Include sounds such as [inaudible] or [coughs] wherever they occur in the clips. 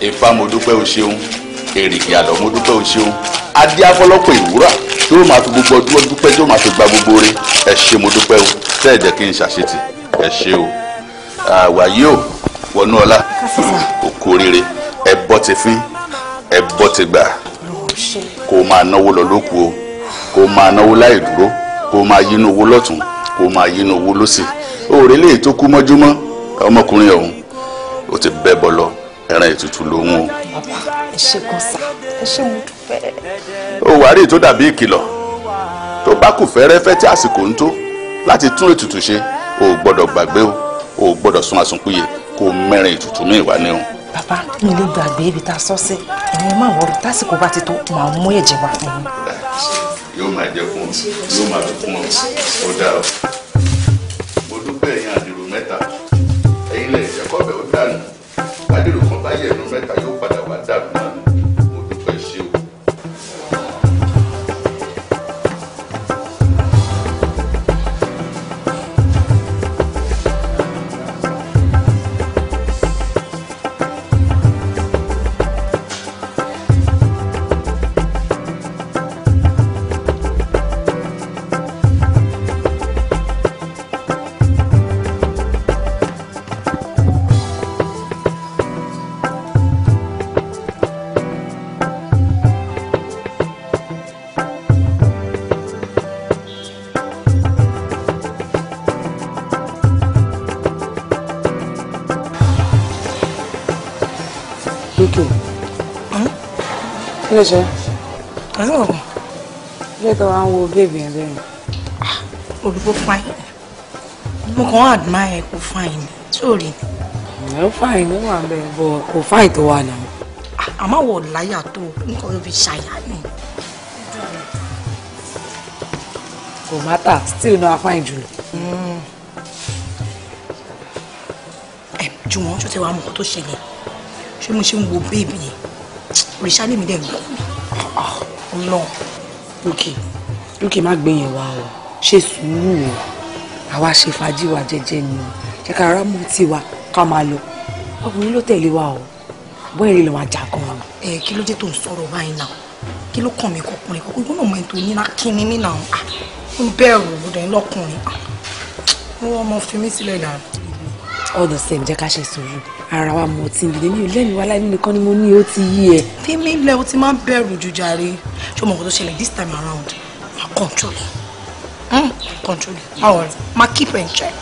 Ifá mo dúpẹ́ o ṣeun èrìgì àlọ́ mo dúpẹ́ o ṣeun adé afọlọ́pọ̀ ìwúrà tí ó máa fi gbogbo ọdún dúpẹ́ tí ó máa fi gba gbogbo rẹ̀ ẹ ṣé mo dúpẹ́ o tẹ́ kí n ṣàṣetì ẹ ṣé o àwàyé o wọnú ọlá òkú oríire ẹ bọ́ ti fín ẹ bọ́ ti gbà kó o máa náwó lọ lóku o kó o máa náwó láì dúró kó o máa yínú owó lọ́tún kó o máa yínú owó lọ́sì òòrè tó kú mọ́júmọ́ ọmọkùnrin ọ̀hún ó ti bẹ́ bọ́ lọ ẹran ètùtù lòun o. bàbá ẹ ṣe kan sá ẹ ṣe mo dúpẹ́. ó wàá rí ètò dàbí ìkìlọ̀ tó bá kù fẹ́rẹ́fẹ́ tí àsìkò ń tó láti tún ètùtù ṣe o ò gbọ́dọ̀ gbàgbé o o ò gbọ́dọ̀ sún àsunkúyè kó o mẹ́rin ètùtù míì wá ní o. bàbá mi lè gbàgbé ibi tá a sọ sí ẹ̀yin máa wọlé tásìkò bá ti tó màá mú ẹ̀jẹ̀ wá fún mi. yóò máa jẹ fún ọ yóò máa tún fún ọ ó dáa òkè hm? kí ló ṣe. ọ̀sán ọ̀gbọ̀n. ilé tó wá ń wo bèbè ẹ̀ bẹ́ẹ̀. Ah, olùkó fáìn mo kàn án àdúmá ẹ kó fáìn ni sóòrè ni. ẹ fáìn ni wà bẹ́ẹ̀ bọ̀ kò fáìn tó wà náà. Ah, àmọ́ wọ̀ láyà tó nǹkan ló fi ṣàyà ni. kò mátà still náà fáìn jùlọ. Hmm. ẹ jùmọ̀ ṣó ti wàá mọ̀ kó tó ṣẹlẹ̀ bí mo ṣe ń wo bébì yẹn òrìṣà lèmi dẹ̀ ń gbọ́ mi. ọlọ́run lókè lókè má gbé yẹn o ṣe sùúrù o àwa ṣe fàájì wa jẹ́jẹ́ ni o jẹ́ ká rárá mú tiwa ká máa lọ ọkùnrin ló tẹ̀lé wa o bọ́ èrè lọ́wọ́ ajá gan. ẹ kí ló dé tó ń sọ̀rọ̀ báyìí náà kí ló kàn mí kọkùnrin kọkùnrin gbọ́dọ̀ mọ ẹni tó ní kíni nínà ah, ń bẹ̀rù ọ̀dọ̀ ẹ̀ lọ́kùnrin ah, wọ́n mọ fi mí sílẹ̀ dànù. all the same jẹ́ ká ṣe sùúrù ara wa mọ̀ tí nìyẹn mi ò lẹ́nu wa láìní nìkan ni mo ní ó ti yí ẹ. fíìmù ilẹ̀ o ti máa ń bẹ̀rù ju jàre ṣé mo kò tó ṣẹlẹ̀ this time around ma control mm, control ma worry ma keep in check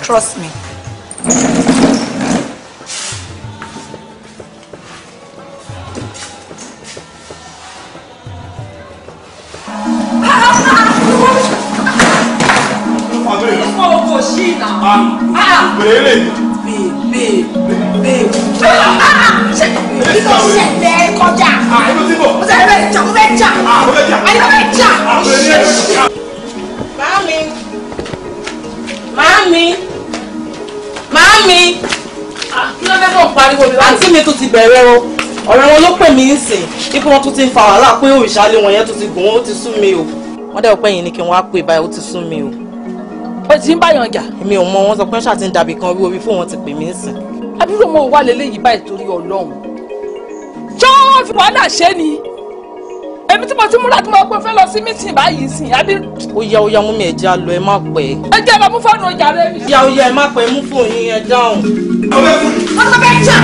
trust me. Ah, ah, ah, ah, ah, ah, ah, ah, pariwo àǹtí mi tún ti bẹ̀rẹ̀ o ọ̀rẹ́ wọn ló pè mí ń sìn ipò wọn tún ti ń fa wàhálà pé òrìṣà lé wọn yẹn tún ti gùn ó ti sú mi o wọ́n dẹ̀ pẹ́yìn ni kí wọ́n á pè báyìí ó ti sú mi o. o ti ń báyọ̀ jà. èmi ò mọ wọn sọ pé ṣáà ti ń dàbí kan orí orí fún wọn ti pè mí ń sìn. àbúrò mo wà lélẹ́yìí báyìí torí ọlọ́run. jọ́ọ́ fi wàhálà ṣe ni mo ti múra tí mo pe fẹ́ lọ sí mítìn báyìí sìn àbí. ó yá ó yá mú mi ẹ̀jẹ̀ á lọ ẹ má pẹ́. ẹ jẹ́ lọ mú fóònù ọjà rẹ. ó ó yá ẹ má pẹ́ mú fóònù yín ẹ dáhùn. ọbẹ̀ kù. jà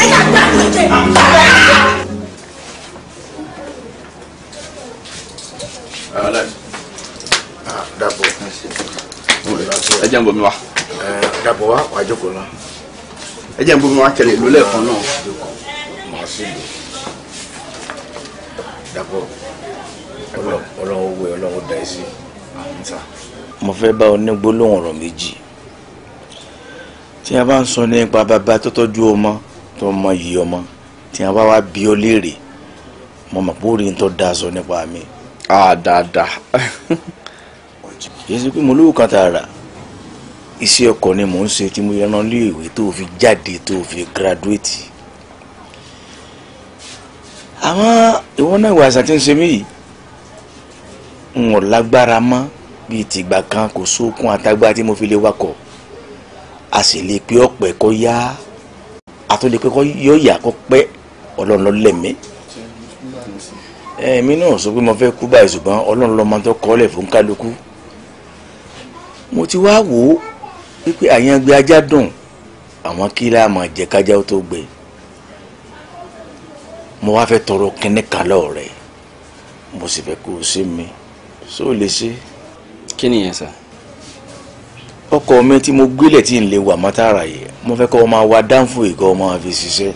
ẹ yà gbà lóde. dàbọ̀ ẹ jẹ́ ń bomi wa. dàbọ̀ wa wàá jókòó náà. ẹ jẹ́ ń bomi wa kẹlẹ̀ lólẹ̀ kan náà dàpọ̀ ọlọ́run wẹ̀ ọlọ́run dá ẹ sí àwọn ta. mo fẹ́ bá ọ ní gbólóhùn ọ̀rọ̀ méjì tí a bá ń sọ nípa bàbá tó tọ́jú ọmọ tó mọ iyì ọmọ tí a bá wá bí ọ léèrè mo mọ̀ pé ó rí n tó dáa sọ nípa mi. dáadáa. yẹ́sì pé mo lówó kan tààrà iṣẹ́ ọkọ̀ ni mò ń ṣe tí mo yẹn lé ìwé tó fi jáde tó fi gírádúrétì àwọn ìwọ náà ìwà àṣà tí ń ṣe mí yìí ń wọ̀n lágbára mọ́ bíi tìgbà kan kò sókun àtagbá tí mo fi lè wakọ̀ a sì lè pé ọ̀pẹ kọ́ yá àtọ́ lè pé kọ́ yọ ìyá kọ́ pẹ́ ọlọ́run lọ lẹ́mí ẹ̀mí náà sọ pé mo fẹ́ kú báyìí ṣùgbọ́n ọlọ́run lọ́mọ tó kọ́ lẹ̀ fún kálukú mo ti wá wò ó wípé àyàn gbé ajá dùn àwọn kí láàmú jẹ́ kájá tó gbé mo wá fẹ́ tọrọ kínní kan lọ́wọ́ rẹ̀ mo sì fẹ́ kó o sí mi ṣó o lè ṣe. kí nìyẹn sà. ọkọ mi tí mo gbélé tí n lè wà mọ́tàrà yìí mo fẹ́ kọ́ ọ máa wá dáńfò ìkọ́ ọ máa fi ṣiṣẹ́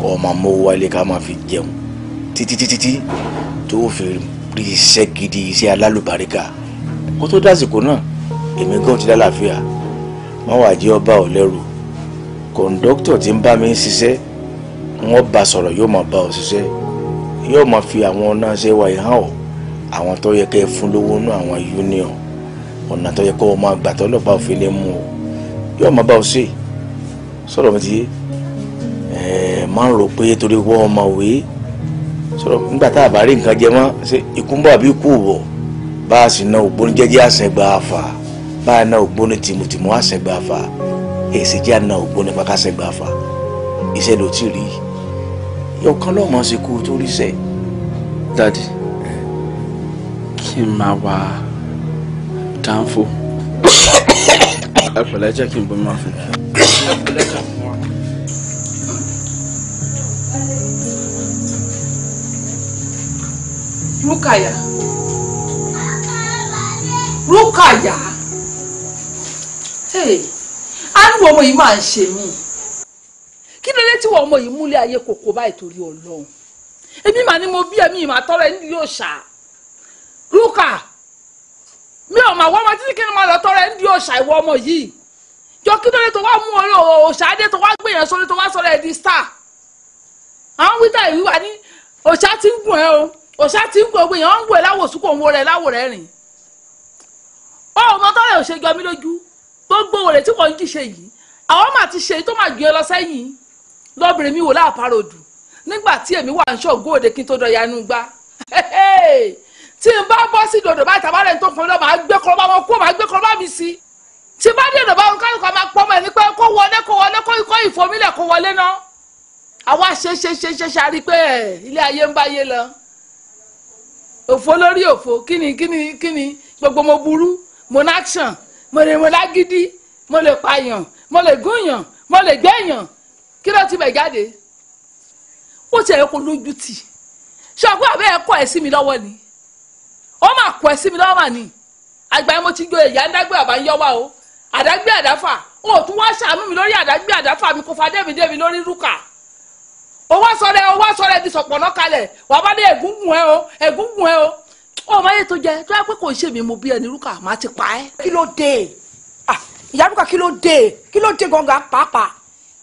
kọ́ ọ máa mówó wálé ká máa fi jẹun títí títí tí tó o fi rí iṣẹ́ gidi iṣẹ́ alálùbáríkà kó tó dásìkò náà èmi gan ti dálàáfíà má wàá jẹ́ ọba ọ̀ lẹ́rù kọ̀ǹdọ́kítọ̀ ń bá mi ṣiṣẹ́ wọ́n bá sọ̀rọ̀ yóò máa bá ọ ṣiṣẹ́ yóò máa fi àwọn náà ṣe wáyé hàn ọ́ àwọn tó yẹ kẹ́ ẹ fún lówó nú àwọn union ọ̀nà tó yẹ kọ́ ọ máa gbà tó lọ́ba òfin lè mú ọ yóò máa bá ọ ṣe sọ̀rọ̀ mi ti ẹ̀ máa ń rò pé torí wọ́n ọmọ òwe sọ̀rọ̀ nígbà tá a bá rí nǹkan jẹ mọ́ ṣe ikú àbí ikú wọ̀ bá a sì na ògbóni jẹ́jẹ́ àṣẹgbà àfà bá a na ògbóni tìmùtìmù àṣẹgbà àfà èsì jẹ́ àna ògbóni pàkàṣẹgbà àfà iṣẹ́ ló ti rí i ọ̀kan lọ́mọ ṣe kú tó sẹ́. dadi kí n máa wá dánfò. [coughs] ẹ pẹ̀lẹ́ jẹ́ kí n bomi máa fún un. ẹ pẹ̀lẹ́ jẹ́ kí n. Rúkàyà. Rúkàyà. Hey, àánú ọmọ yìí máa ń ṣe mí kí ló dé tí wọ́n ọmọ yìí múlẹ̀ ayé kòkó báyìí torí ọlọ́run èmi mà ni mo bí ẹ̀mí ìmà tọ́lẹ̀ ní yóò ṣá rúkà mi ò mà wọ́n ọmọ títí kí ni mo lọ tọ́lẹ̀ ní yóò ṣá ìwọ ọmọ yìí jọ kí ló dé tó wá mú ọ òṣàdé tó wá gbé yẹn sórí tó wá sọ̀rọ̀ ẹ̀ di star àwọn wíta ìwíwá ní òṣà ti ń gùn ẹ o òṣà ti ń gùn yẹn wọ́n ń gùn ẹ láwòsùkò òun wo rẹ̀ láwò rẹ̀ rìn ó ọmọ tọ́lẹ̀ òṣèjọ́ mi lójú gbogbo òrè tí wọ́n ń jíṣe yìí àwọn máa ti ṣe tó máa gbé ọ lọ sẹ́yìn lọ́bìnrin mi wò láàpárò dù nígbà tí èmi wà ń ṣògo òde kí n tó dọ̀yà inú gbá tí n bá bọ́ sí dòdò báyìí tàbá rẹ̀ ń tó fún mi lọ́ọ́ máa gbé kọ́lọ́ bá wọn kú máa gbé kọ́lọ́ bá mi sí i tí n bá dènà bá wọn káyọ̀ kan máa pọ́ mọ́ ẹ̀ ní pé kó wọlé kó wọlé kó ikọ́ ìfòmílẹ̀ kó wọlé náà àwa ṣe ṣe ṣe ṣe ṣe àrí pé ilé ayé ń bá yé lọ òfò lórí òfò kíni kíni kíni gbogbo mo burú mo náà ṣàn mo lè mo lágídí mo lè pààyàn mo lè gúnyàn mo lè gbẹ̀yàn kí ló ti bẹ̀ jáde ó ti ẹ̀ kó lójú tì ṣé ọgbọ́n àbẹ́ ẹ̀ kọ́ ẹ̀ sí mi lọ́wọ́ ni ó mà kọ́ ẹ̀ sí mi lọ́wọ́ mà ni àgbà mo ti joyè ìyá ńdágbé àbá ń yọ́wọ́ o àdágbé àdáfà o ò tún wá ṣàánú mi lórí àdágbé àdáfà mi kò fa débi débi lórí rúkà o wá sọ rẹ o wá sọ rẹ di sọ̀pọ̀ náà kalẹ̀ wà á bá dé ègúngùn ẹ o ègúngùn ẹ o o máa yẹ tó jẹ tó yà pé kò ń ṣe mi mo bí ẹni rúkà má ti pa ẹ. kí ló dé ah, ìyá rúkà kí ló dé kí ló dé gangan pàápàá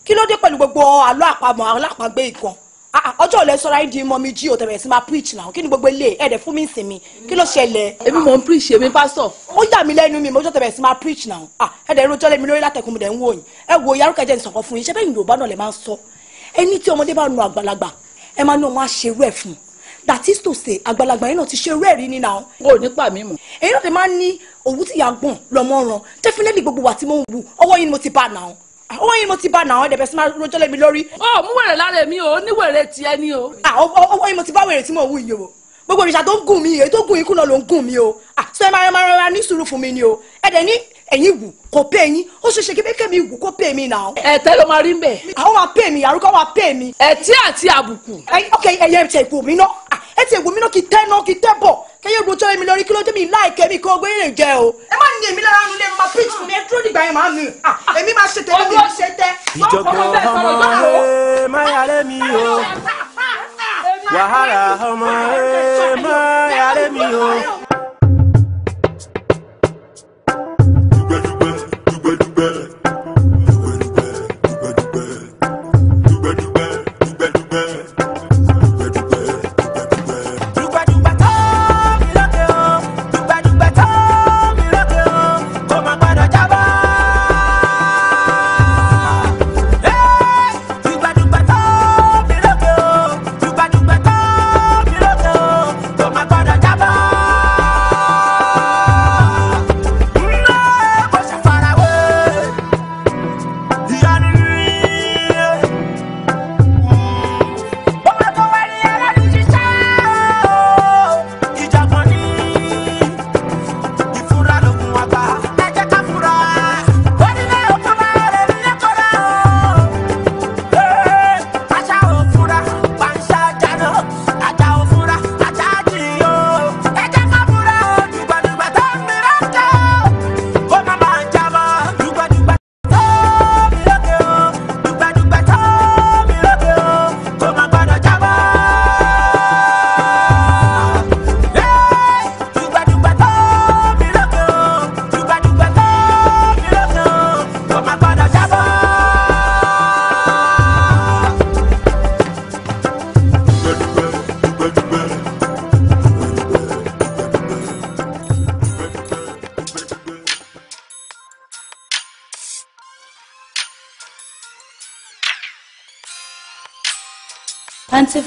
kí ló dé pẹ̀lú gbogbo àlọ́ àpamọ̀ alápàgbé ìkan ah, ah, ọjọ́ òlẹ̀ sọ́ra yín di mọ́mí jí o tẹ̀rẹ̀ sí máa preach náà kí ni gbogbo ilé ẹ̀ẹ́dẹ̀ fún mi ìsinmi kí ló ṣẹlẹ̀. èmi mò ń preach èmi pásọ. ó yà mí lẹ́nu mi mọ́jọ́ tẹ̀rẹ̀ sí máa preach náà ah, ẹ̀ẹ́dẹ̀ rojọ́ lẹ́mi lórí látẹ̀kùn mi dẹ̀ ń wò yín ẹ wo yarúkẹ́ jẹ́ ìsọ̀kan fún yín ṣẹ́ bẹ́ẹ̀ Yorùbá náà lè máa ń sọ ẹni tí ọmọdé bá nu àgbàlagbà ẹ máa ní ọmọ àṣerú ẹ̀ fún that is to say àgbàlagbà yìí náà ti ṣe rẹ́ẹ̀rí ní náà. o nípa mi mọ̀. èyí náà ti máa ń ní òwú tìyà gbọ̀n lọ́mọ ràn definitely gbogbo wa ti mò ń wù ọwọ́ yìí ni mo ti bá náà àwọn yìí mo ti bá nàá ẹ̀dẹ̀bẹ̀ sí máa rojọ́ lẹ́mi lórí. ọ mú wèrè lára mi o oníwèrè ti ẹ ní o. ọwọ́ ah, yìí mo ti bá wèrè tí mo wù yìí o gbogbo òrìṣà tó ń gùn mí èyí tó gùn ikú náà ló ń gùn mí o ah, sọ ẹ máa rọra ní sùúrù fún mi ni o ẹ̀dẹ̀ ní ẹ̀yìn wù kò pé yín ó ṣeéṣe kí bẹ́ẹ̀ mi wù kó pé mi náà. ẹ̀tẹ́ ló máa rí mbẹ̀. àwọn máa pè mí àrùkọ́ máa pè mí. ẹ̀tí àti àbùkù. ok ẹ̀yẹ ti ẹ̀kú mi náà ah, ẹ ti ègbò mi náà kì í tẹ́ náà kì í tẹ́ bọ̀ kẹ́yẹ́ gbọ́jọ́ mi lórí kí ló dé mi láìkẹ́ mi kọ́ gbé lè jẹ o. ẹ má ní èmi lára nílé ma pitch fún mi ẹ dúró dìgbà yẹn màá mi ah, èmi máa ṣe tẹ̀lé mi ní ṣe tẹ́. ìjọgbọ́n ọmọ ẹ máyàlé mi o wàhálà ọmọ ẹ máyàlé mi o.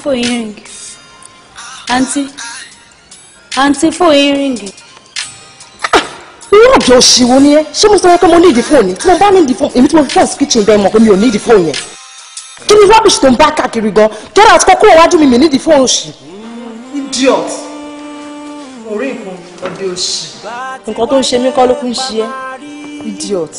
fún earring àǹtí àǹtí fún earring. irú ọ̀dọ̀ òṣìwò ni ẹ ṣé mo sọ pé mo ní ìdí fóònù tí mo bá ní ìdí fóònù èmi tí mo fi fẹ́ǹsì kitchen bẹ́ẹ̀ mọ̀ pé mi ò ní ìdí fóònù yẹn kí ni rubbish tó ń bá káàkiri gan get out kókó iwájú mi mi ní ìdí fóònù ṣì. idiot orí nǹkan ọdẹ òṣì. nǹkan tó ń ṣe mí kọ́ ló kún ṣe é idiot.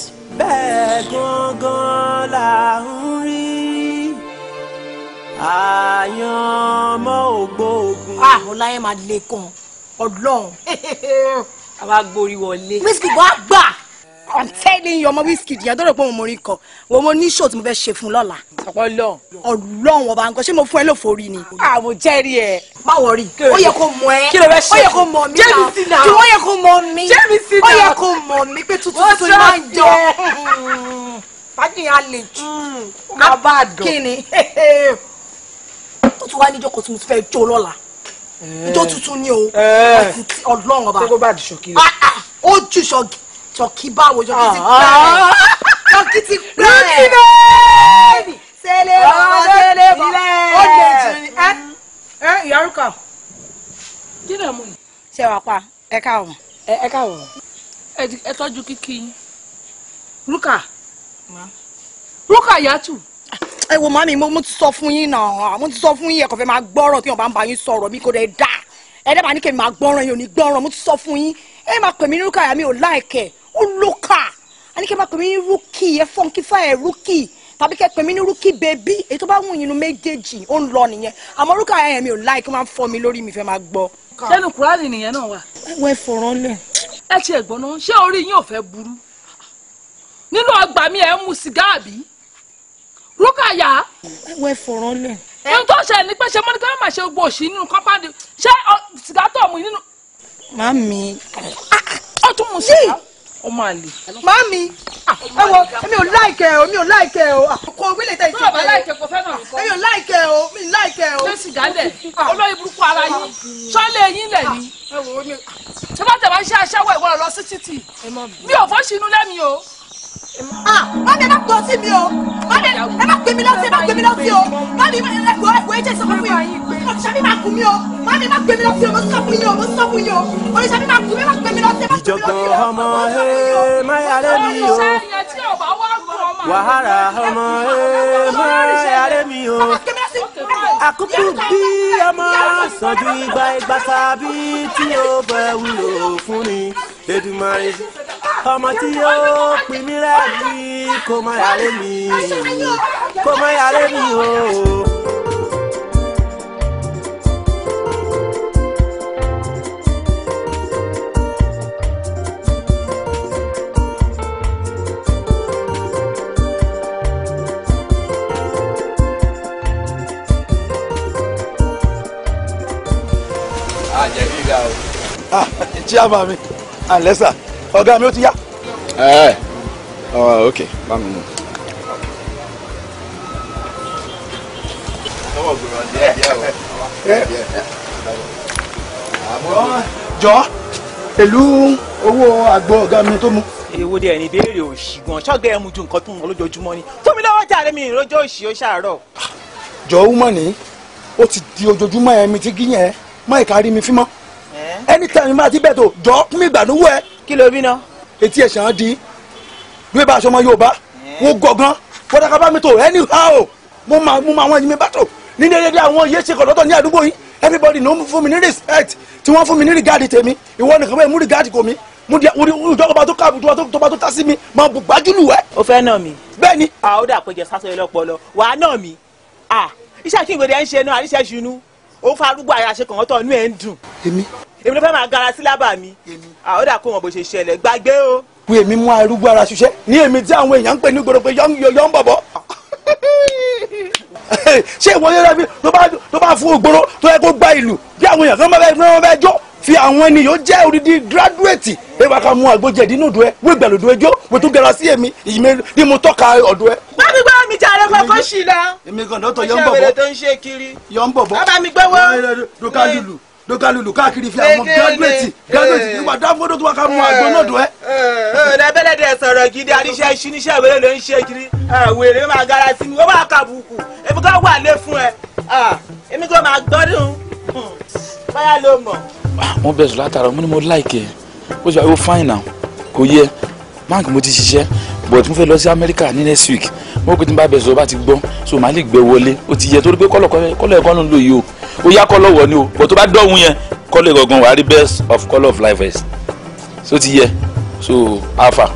láyé máa lè kàn ọlọ́run àwa [laughs] gborí wọlé. wíṣkì bọ́ á gbà i'm telling you ọmọ wíṣkì dìyà dọ́rọ̀ pé òun mo rí kọ wo mo ní ṣòtún mo fẹ́ ṣe fún lọ́la. ọlọ́run ọlọ́run ọba nǹkan ṣé mo fún ẹ lófo rí ni. àmọ́ jẹ́rìí ẹ. má wọrí ó yẹ kó mọ ẹ kí ló fẹ́ ṣe ó yẹ kó mọ mi náà jẹ́mi sí náà ó yẹ kó mọ mi jẹ́mi sí náà ó yẹ kó mọ mi pé tuntun tuntun ni máa ń jọ [laughs] fàájì yẹn á lè jù mm, ó máa bá a dùn kí ni [laughs] ó tún wá níjọ́ kó tún fẹ́ jó lọ́la ijó eh. tuntun ni o àkùtì eh. ọlọ́run ọba tó bá di ṣòkì lọ ah, ah. ó ju ṣọ́kì ṣọ́kì báwo ah, ti pẹ́ ṣọ́kì ti pẹ́ sẹ́lẹ̀ bọ́ sẹ́lẹ̀ bọ́ ó lè jìnnì eh, ẹ ẹ ìyárúkà kí ni mo yìí. ṣé wàá pa ẹ káwọn. ẹ káwọn. ẹ tọ́jú kíkí rúkà rúkà yàtù ẹ wo màmí mo ti sọ fún yín náà ah, mo ti sọ fún yín ẹ kò fẹ́ máa gbọ́rọ̀ tí wọn bá ń bá yín sọ̀rọ̀ mi kò dẹ̀ dá ẹ dábàá ní kẹ́mi máa gbọ́rọ̀ yín ò ní gbọ́rọ̀ mo ti sọ fún yín ẹ máa pè mí ní rúkà mi ò láìkẹ́ ó lókà á ní kẹ́ máa pè mí ní rúkì ẹ fọ́nkí fáyẹ̀ rúkì tàbí kẹ́ pè mí ní rúkì bèbí èyí tó bá wù yín nu méjèèjì ó ń lọ nìyẹn àmọ́ rúkà ẹ̀ mi ò láìkẹ́ máa ń fọ́ mi lórí mi fẹ́ máa gbọ́. sẹ́nu kúránì nìyẹn náà wà. ẹ̀wọ̀n ẹ fọ̀rọ̀ lẹ̀. ẹ ti ẹ̀gbọ́n náà ṣé orí yín ò fẹ́ burú nínú ọgbà mi ẹ̀ ń mu sìgá àbí Rúkàyà. ẹwẹ fọ̀rọ̀ lẹ̀. ohun tó ṣe ni pé ṣe mọ́ni kí wọ́n máa ṣe gbogbo òṣì nínú kọ́ńpáàdì ṣé sìgá tó mú nínú. Màmí. ó tún mú sìgá ó máa lè. Màmí ah, ẹ wo èmi ò láìkẹ́ o èmi ò láìkẹ́ o kò wí lè tẹ ìtura rẹ. láìkẹ́ kò fẹ́ràn nǹkan. èmi ò láìkẹ́ o mi ò láìkẹ́ o. ṣé sìgá lẹ̀ ah, olóyè burúkú ara yín sọ́lé yín lẹ̀ ni. Ah, ṣé bá tẹ̀ bá ṣe aṣẹ́wó ìwọ lọ sí títì mi ò fọ́ sínú lẹ́mi o má dé má tọ́ sí mi o má dé ẹ má pè mí lọ́sí ẹ má pè mí lọ́sí o má mi ẹ̀kọ́ ẹ̀kọ́ ẹ̀jẹ̀ sọ fún mi o ọ̀ṣàbí kú mi o má mi má pè mí lọ́sí o mo sọ fún yín o mo sọ fún yín o ọ̀ṣàbí má kú mi má pè mí lọ́sí ẹ má pè mí lọ́sí o. ìjọ̀gbọ̀n ọmọ ẹ máyàlẹ́ mi o wàhálà ọmọ ẹ máyàlẹ́ mi o àkókò bí ọmọ sànjú ìgbà ìgbà sábì tí ó bẹ wúlò fún mi Èdùmàrè ọmọ tí yóò pin mí lẹ́ẹ̀mí kó má yàrá mi kó má yàrá mi o. Ah, chairman mi, alẹ́ sà ọ̀gá mi ó ti yá. ẹ eh, ẹ oh, ok bá mi mú. jọ pẹ̀lú owó àgbo ọ̀gá mi tó mú. èwo de ẹni béèrè òṣì gan ṣọ́gbẹ́ ẹ̀ mú ju nǹkan tó ń lójoojúmọ́ ni tómi lọ́wọ́ jàre mi ìrọ́jọ́ òṣì ó ṣàárọ̀. jọ wúmọ̀ ní ó ti di ojoojúmọ́ ẹ̀mí ti gíyàn ẹ́ má ìka rí mi fímọ́ eh? anytime máa ti bẹ̀ tó jọ kún mi ìgbàdúwọ̀ ẹ̀ kí ló bí ná. etí ẹ̀ ṣàn án dín bí bá aṣọ ọmọ Yorùbá wọn gọ̀gán wọ́dàkà bá mi tó anyhow mo máa mo máa wọn yìí mi bá tó ní déédéé àwọn yéé ṣe kọ̀dọ̀tọ̀ ní àdúgbò yìí everybody ló fún mi ní respect tí wọ́n fún mi ní regard tèmi ìwọ nìkan bẹ́ẹ̀ mú regard kò mi mo di orí ìjọba tó káàbù tó bá tó tá sí mi máa bù gbájúlù ẹ. o fẹ́ nà mí. bẹ́ẹ̀ ni. a ó dà péjọ sásọ ilé ọpọlọ wàá nà mí. iṣẹ́ kí n gbèdé ń ṣe náà àríṣẹ́ ṣunú ó fa arúgbó àyàṣe kàn ọ́tọ̀ inú ẹ̀ ń dùn. èmi èmi ló fẹ́ máa gara sílábà mi àódà kó wọn bó ṣe ṣẹlẹ̀ gbàgbé o. pé èmi mú arúgbó ara ṣiṣẹ́ ní èmi tí àwọn èèyàn ń pè ní gbọdọ̀ pé yọ̀ ń bọ̀bọ̀ ṣé ìwọ yẹn rẹ́bí tó bá fún ògbóró tó yẹ kó gba ìlú bí àwọn èèyàn kan bá fẹ́ fẹ́ jó fi àwọn ènìyàn jẹ́ odidi gíráduwéètì ẹ bá ka mú agbójẹ̀dì nínú ọdún ẹ wọ́n ìgbà lòdù ẹjọ́ wọ́n tún gẹ̀rọ sí èmi ìyìnbẹ́ ni mo tọ́ka ọdún ẹ. bá mi gbọ́ mi jàre kọ́kọ́ sí i la. èmi kan lọ́tọ̀ yọ̀ ń bọ̀ bọ́ yọ̀ ń bọ̀ bọ́. bàbá mi gbẹ́wọ́. dùkà lulu dogalulu káàkiri fi àwọn graduate graduate ìwà eh. dáfodò tó wà ká mú àgbọn eh. náà dùn ẹ. Eh. ọ̀dàbẹ́lẹ̀ dẹ̀ sọ̀rọ̀ gidi àríṣẹ́ iṣu níṣẹ́ ìwé ló ń ṣe kiri wèrè máa gara sí mi ó máa kà bùkù èmi kò wà lé fún ẹ ah, èmi kò máa gbọ́dún hmm. báyà ló mọ̀. wọ́n bẹ̀rù látara mo ní mo láìkẹ́ ó sì wá yóò fáìn náà kò yẹ báńkì mo ti ṣiṣẹ́ but mo fẹ́ lọ sí Amẹ́ríkà ní next week mo pè tí n bá bẹ̀ bá ti gbọ́ so màá lè gbé wọlé ó ti yẹ torí pé kọ́lọ̀ kọ́lọ̀ ẹ̀kọ́ ló ń lò yìí o ó yá kọ́lọ̀ wọ̀ ni o but tó bá dọ̀hún yẹn kọ́lọ̀ ìgangan wà á rí best of color of life is so ti yẹ so alpha.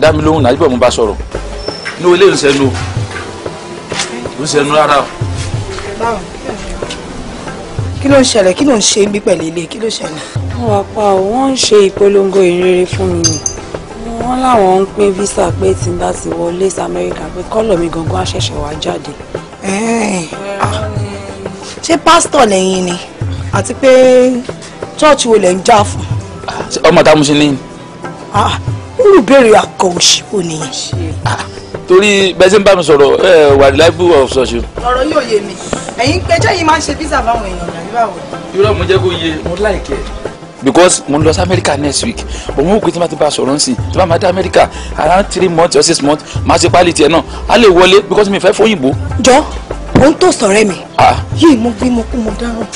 dá mi lóhùn náà ibà mo bá sọ̀rọ̀ ní olè ń sẹ́nu ń sẹ́nu rárá o. báwo kí ló ń ṣẹlẹ̀ kí ló ń ṣe ń bí pẹ̀lú ilé kí ló ṣẹlẹ̀. wọn pa ọ wọn ń ṣe ìpolongo ìrere fún mi ni wọn láwọn ń pín visa pé tí n bá ti wọlé sí amẹ́ríkà pé kọ́lọ̀ mi gangan á ṣẹ̀ṣẹ̀ wá jáde. Ah. ṣé pásítọ̀ lẹ́yìn ni àti pé chọ́ọ̀chì wo lẹ̀ ń já fún. ọmọ tá a mú ah, sí ní. olùbéèrè akọ òṣìkò nìyẹn. Ah, torí bẹ́ẹ̀ ṣe ń bá mi sọ̀rọ̀ wà láìpẹ́ ọ̀ṣọ́ṣù. ọ̀rọ̀ yóò yé mi ẹ̀yin pẹ́jọ́ yìí máa ń ṣe visa fáwọn èèyàn because mo ń lọ sí America next week but mo wò pé tí ma ti bá a sọ̀rọ̀ nsìn tí ma ma dé America around three months or six months ma ṣe pálí tiẹ̀ náà a lè wọlé because mi fẹ́ fóyìnbó. jọ mo ń tó sọ̀rọ̀ mi yìí mo bí mo kú mo dáhùn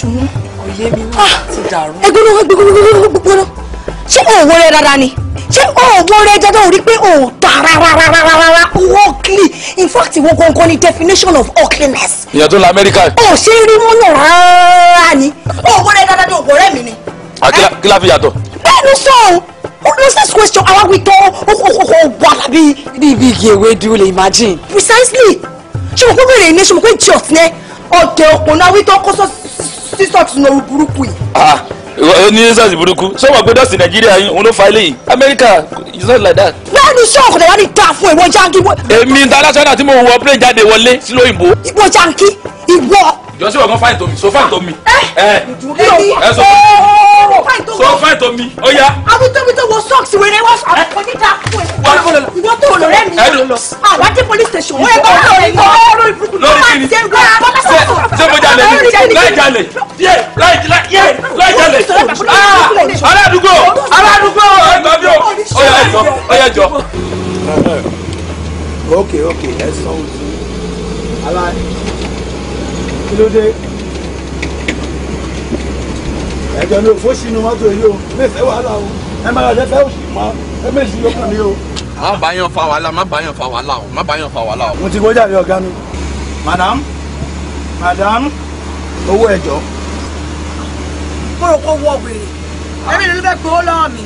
jùmọ̀ kò yé mi wá ti dàrú. ẹgbẹ́ náà gbogbo gbogbo gbogbo náà ṣé òwò rẹ dáadáa ni ṣé òwò rẹ jẹjọ rí pé òun ta rárárárárá wọ́n clean in fact wọ́n gangan ni definition of ugliness. ìyàtọ̀ la amẹ́ríkà. o ṣe rí mú yàn rárá ni òwò rẹ dáadáa ni òwò rẹ mi ni. Eh? kí la fi yàtọ̀. bẹ́ẹ̀ni sọ o nonsense question awa wi tọ o o o o wà lábí. bí ibi igi ewé dúró lè imagine. precisely ṣe mo kó bèrè ní ṣe mo kó idiot ní ọ̀dẹ̀ òpónà wí tọ́ kó sọ sísọ̀tún lórí burúkú yìí. Ah ní sars burúkú sọ́wọ́n pé dọ́sì nàìjíríà yín òun ló fa eléyìí amẹ́ríkà it's not like that. bẹ́ẹ̀ni sọ́ọ̀kù lẹ́yìn ni ta fún ìwọ janki. èmi international tí mo wọ plane jáde wọlé sílò òyìnbó. ìwọ janki ìwọ jọ sí ọgbọ́n fáìn tó mi so fáìn tó mi. ẹ ẹ so so fáìn tó mi eh, eh, eh, ó yá. àwọn tóbi tó wọ socks wẹrẹ wọ àwọn oníta fún ẹ ìwọ tó olórẹ mi àwọn ah, àti police station wọn ẹgbẹ wọn lórí lórí burúkú lórí kiri ṣe ṣe mo jalè ni láì jalè yé láì yé láì jalè aládùúgbò aládùúgbò ẹgbẹ mi o ó yá jọ ó yá jọ. ok ok ẹ sọ ojú aláàdì kí ló dé ẹjọ́ ní òfó sínú mọ́tò yìí o mẹ́fẹ́ wàhálà o ẹ máa rẹ̀ fẹ́ òsì mọ́ ẹ méjì yókù mi o. má bàyàn fa wàhálà má bàyàn fa wàhálà o má bàyàn fa wàhálà o. mo ti gbọ́jà rí ọ̀gá mi madam madam owó ẹjọ́. mo rò kó wọ wèrè ẹ̀mí ló fẹ́ gbowó lọ́wọ́ mi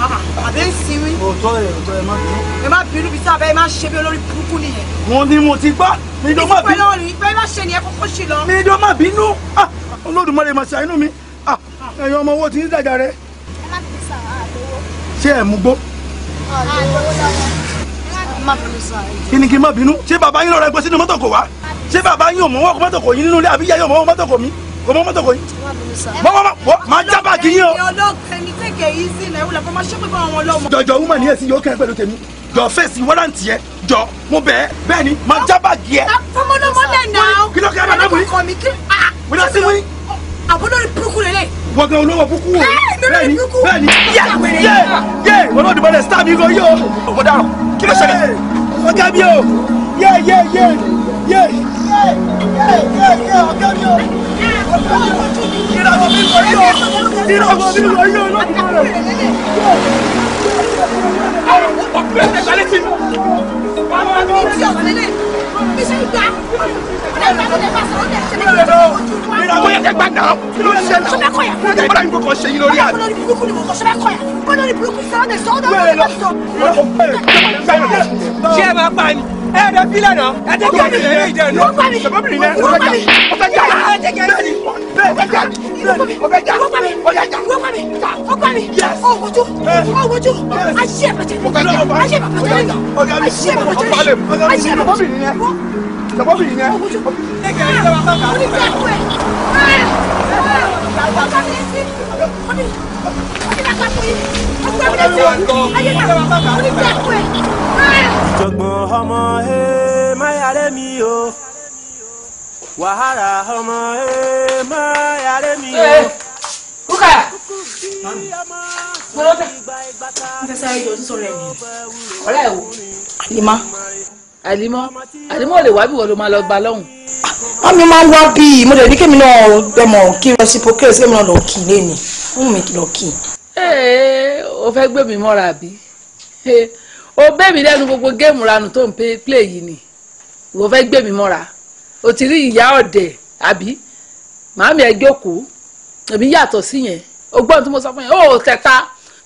àbẹ́ ń sinmi. òótọ́ ẹ̀ òótọ́ ẹ má bínú. ẹ má bínú bí sábẹ́ ẹ má ṣe bí olórí burúkú nìyẹn. wọn ni mo ti gbá mi ló má bínú. ìpínlẹ̀ òní ìpínlẹ̀ má ṣe nìyẹn kókó sí lọ. mi ah, ló má bínú olódùmarè mà ṣàánú mi ah, ẹ̀yin ọmọ owó ti ń dàjà rẹ. ẹ má bínú sà àdówó. ṣé ẹ mú gbó. àdówó lọ́wọ́. kí ni kí n má bínú ṣé bàbá yín lọ́ra ẹgbẹ́ sínú mọ́tò kò wá ṣé bàbá yín ò mọ́wọ́ mọ́tò kò yín nínú ilé àbí yá yóò mọ́wọ́ mọ́tò kò mí kò mọ mọ́tò kò yín. mọ mọ mọ máa já bàgì yín o. jọjọ wúmọ ní èsì yóò kẹ́ pẹ̀lú tèmi jọ fèsì wọ́láǹtì yẹ jọ mo bẹ̀ ẹ́ bẹ́ẹ̀ ni máa já bàgì yẹ. fọmọdọmọlẹ náà kí ló kẹ́ bàgì yẹn. wíwá sí mi. àbúrò burúkú lélẹ̀. wọ́gàn olówó burúkú o. bẹ́ẹ̀ ni bẹ́ẹ̀ ni yé yé yé wọn náà dùbọ̀lẹ̀ sítá mi gan yé o. ọmọdé àrùn kí ló ṣẹlẹ̀. ọ̀gá mi o yé yé yé yé yé yé ọ̀gá mi o ìràwọ̀ mi mi kò yọ lọ́dún mi ti ọ̀sẹ̀ lélẹ̀ bí ṣe ẹ ẹ bílẹ̀ náà ẹ jẹ́ kí ẹ nílẹ̀ ẹ jẹ́ nù. ọ̀sẹ̀bọ̀bìnrin náà ọ̀sẹ̀ jà ọ̀sẹ̀ jà ọ̀sẹ̀ jà ọ̀sẹ̀ jà ọ̀sẹ̀ jà ọ̀sẹ̀ jà ọ̀gbani ọ̀wọ́jú ọ̀wọ́jú àṣẹ àpàtẹ àṣẹ àpàtẹ àṣẹ àpàtẹ àṣẹ àpàtẹ ọ̀gbọ́bìnrin náà ọ̀gbọ́bìnrin náà jọ̀gbọ́n ọmọ ẹ máyàrá mi o wàhálà ọmọ ẹ máyàrá mi o. Eh, kúkà gbọ́dọ̀ tẹ̀ ń fẹ́ sáré yọjú sọ̀rọ̀ ẹ̀ nìyẹn ọ̀rẹ́ ẹ̀ wò. àlìmọ́ àlìmọ́ àlìmọ́ ò lè wá bí wọ́n ló máa lọ gba lọ́hùn. wọ́n mi máa ń wá bíi mo lè ní kémi náà dẹ̀mọ̀ kí reciprocate kémi náà lọ kì í lé fún mi lọ kì í. ẹ eh, ẹ o fẹ́ gbé mi mọ́ra ó bẹ́ mi lẹ́nu gbogbo géèmù ranu tó ń pè yìí ni ìwọ fẹ́ gbé mi mọ́ra o ti rí ìyá ọ̀dẹ̀ àbí màámi ẹ̀ jókòó èmi yàtọ̀ sí yẹn o gbọ́n tí mo sọ fún yẹn o tẹ̀ta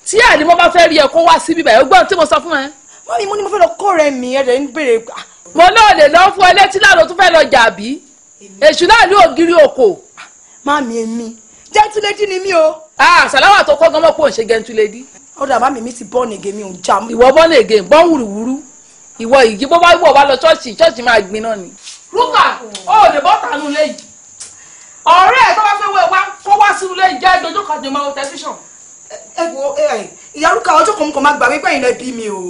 tí ẹ̀ ni mo bá fẹ́ rí ẹ kó wá síbí báyìí o gbọ́n tí mo sọ fún yẹn. mọ́mí mo ní mo fẹ́ lọ kó rẹ mi ẹ̀ rẹ̀ ń béèrè. Ah. mo náà lè lọ fún ẹlẹ́tí náà ló tún fẹ́ lọ jà bí èṣù náà ní ògiri oko. Ah, màámi èmi jẹ́ntúlẹ́dí ni mí o. àṣàlọ́wà ah, tó kọ́ gan mọ́ pé òun ṣe jẹ́ntúlẹ́dí ọ̀dọ̀ àmà mi mi ti born again mi ò já mu. ìwọ born again born wùrùwùrù ìwọ ìjì bó bá wọ̀ wá lọ ṣọ́ọ̀ṣì ṣọ́ọ̀ṣì máa gbin náà ni. rúkà ó lè bọ́ tànú léyìí ọ̀rẹ́ ẹ̀ tó bá fẹ́ wá kó wá sínú léyìí jẹ́ dojú kan jùmọ̀ o tẹlifíṣàn. ẹ wo ìyá rúkà ọjọ́ kan mo kàn máa gbà wípé ìrìn ẹbí mi o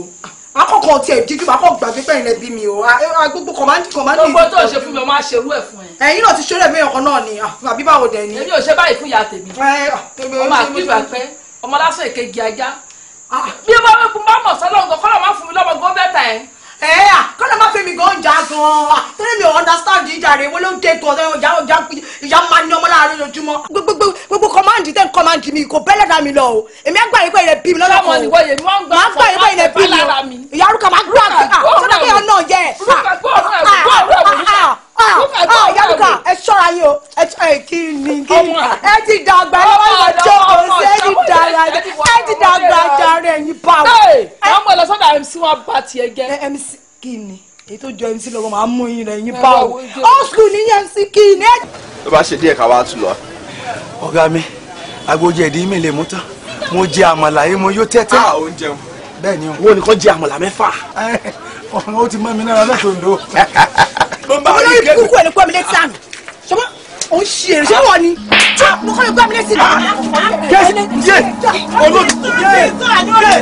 akọkọ tí ẹ dídú akọ gbàgbé pẹ̀yìn lẹ́bí mi o gbogbo kọ̀mándì kọ̀mándì. gbogbo tó o ṣe fún mi o máa ṣerú ẹ̀ fún ẹ. ẹ̀yin náà ti ṣerú ẹ̀ mẹ́yàn kan náà ni ah, àbí báwo dẹ̀ ni. èmi ò ṣe báyìí fún ìyá tèmi. ọmọ àpéjọ àpẹ́ ọmọ lásán èkejì ajá bí ẹ bá wí kú bá mọ̀ sọ́dọ̀ nǹkan kọ́lọ̀ má fún mi lọ́mọ gó bẹ́tà ẹ̀. ẹ ẹ kọ́lọ̀ má fẹ́mi gan ja gan tẹ́lẹ̀ mi ò understand ìjà rẹ̀ wọ́n ń tẹ́kọ̀ ọ̀dà ọ̀dà ìjà máa ní ọmọ láàrin lójúmọ́. gbogbo gbogbo kọ́máǹdì tẹ́ ń mi kò bẹ́lẹ̀ dà mí lọ o èmi àgbà yìí pé ilẹ̀ bí mi lọ́dọ̀ kan o màá gbà yìí pé ilẹ̀ bí mi o ìyá ah, ah Yalika ẹ ṣọ́ra yín o ẹ kí ni kí ẹ ti dàgbà ẹ wá lọ jókòó sí ẹ ti dàgbà ẹ ti dàgbà jàre ẹ̀yin báwo. àwọn ọmọ ìlọsọ́dà MC wọn bá tiẹ̀ jẹ́. MC kí ni èyí tó jọ MC lọ́wọ́ máa mú yín rẹ̀ ẹ̀yin báwo old school ní MC kí ni. ló bá ṣe díẹ̀ ká wá tún lọ. ọ̀gá mi agbójú ẹ̀dí mi lè mú tán mo jẹ àmàlà yìí mo yó tẹ́tẹ́. a ah, ò ń jẹun. bẹ́ẹ̀ ni o. wo nìkan jẹ àmàlà mẹ́fà. ọ̀run [laughs] ó ti mọ́ mi náà lọ́sọ̀ọ́dọ̀. [laughs] tó ń bá wọn ní olórí kúkú ẹ̀ ló gbọ́ létí àná ṣọwọ́ ò ń ṣe èrè ṣọwọ́ ni tó mo kọ́ ló gbọ́ mi létí àná. kẹ́sì yé olóòtú yé yé bẹ́ẹ̀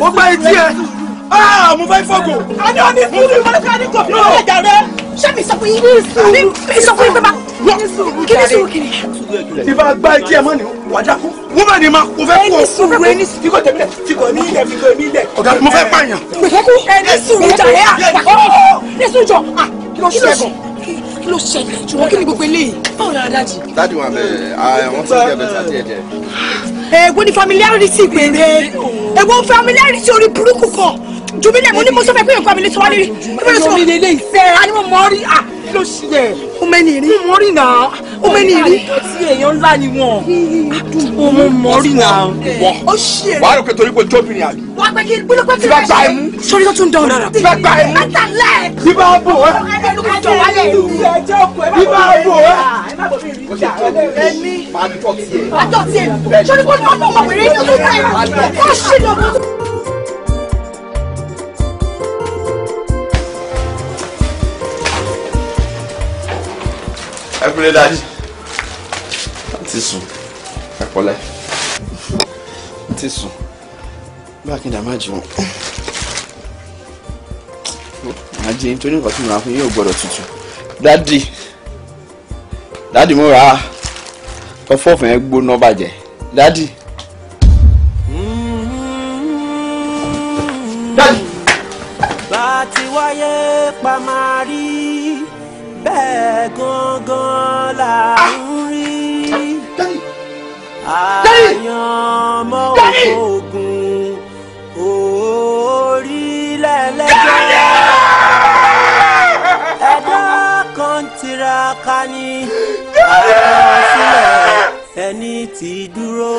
kọ́ ó gbá etí ẹ aa ah, mo fẹ́ fọ́gò. a ní ọdún ìfúnni ìfọdúkà ní kò fi lọ́wọ́ ẹ̀jẹ̀ rẹ. sẹ́mi sọ pé sọ pé bàbá kí ni sùúrù kiri. ìfà gba etí ẹ̀ mọ́ ni wà á dákú. wọ́n bá ní ma kò fẹ́ kú. ẹni sùúrù ẹni sùúrù. fi kò tẹ̀mí lẹ̀ fi kò ní ilẹ̀ fi kò ní ilẹ̀. ọ̀gá mo fẹ́ pààyàn. ẹni sùúrù jà ẹ́ ẹni sùúrù jọ ah, kí ló ṣẹlẹ̀ kí ló ṣẹlẹ̀ jùlọ kí ni gbogbo eléyìí báwo la dájì. dájú wa bẹ ah, àwọn tó ń jẹ bẹta díẹ̀ díẹ̀. èwo ni familiarity gbèrè èwo familiarity orí burúkú kan jubilẹ mo ní mo sọ fẹ pé nǹkan mi lè sọ wá lórí mo ní sọ mi lè lè sẹ ẹ ni mo mọ rí à ah, ló ṣì yẹ o mẹni rí mo rí nà o mẹni rí tí èèyàn ńlá ni wọn o ah, mo mọ rí nà o ṣì yẹ. wàá rò pé torí pé jóbìnrin àbí. wà á gbẹ kí gbọ́dọ̀ pé tí bá gba ẹ mú. sori tó tún dán o. tí bá gba ẹ mú. bàtà lẹ. tí bá bò ẹ. tí bá bò ẹ. Adọ̀tí ẹ̀ sọ́ni kó ní ọmọ ọmọ wẹ̀rẹ̀ yìí ló ń bá ẹ̀ wá sí lọ́kùn. ẹ kúlé dájú láti sùn ẹ pọ̀lẹ́ láti sùn bí akíndà má jẹun má jẹ nítorí nǹkan tí mo rà fún yóò gbọ́dọ̀ tutù dádì dádì mo rà á ọfọ́fẹ́ gbóná bàjẹ́ dádì. dádì. a ti wáyé pa máa rí bẹ́ẹ̀ gangan là ń rí ah! àyànmọ́ ògùn orílẹ̀ lẹ́jọ́ ẹ̀dá kan tiraka ní àkọsílẹ̀ ẹni tí dúró.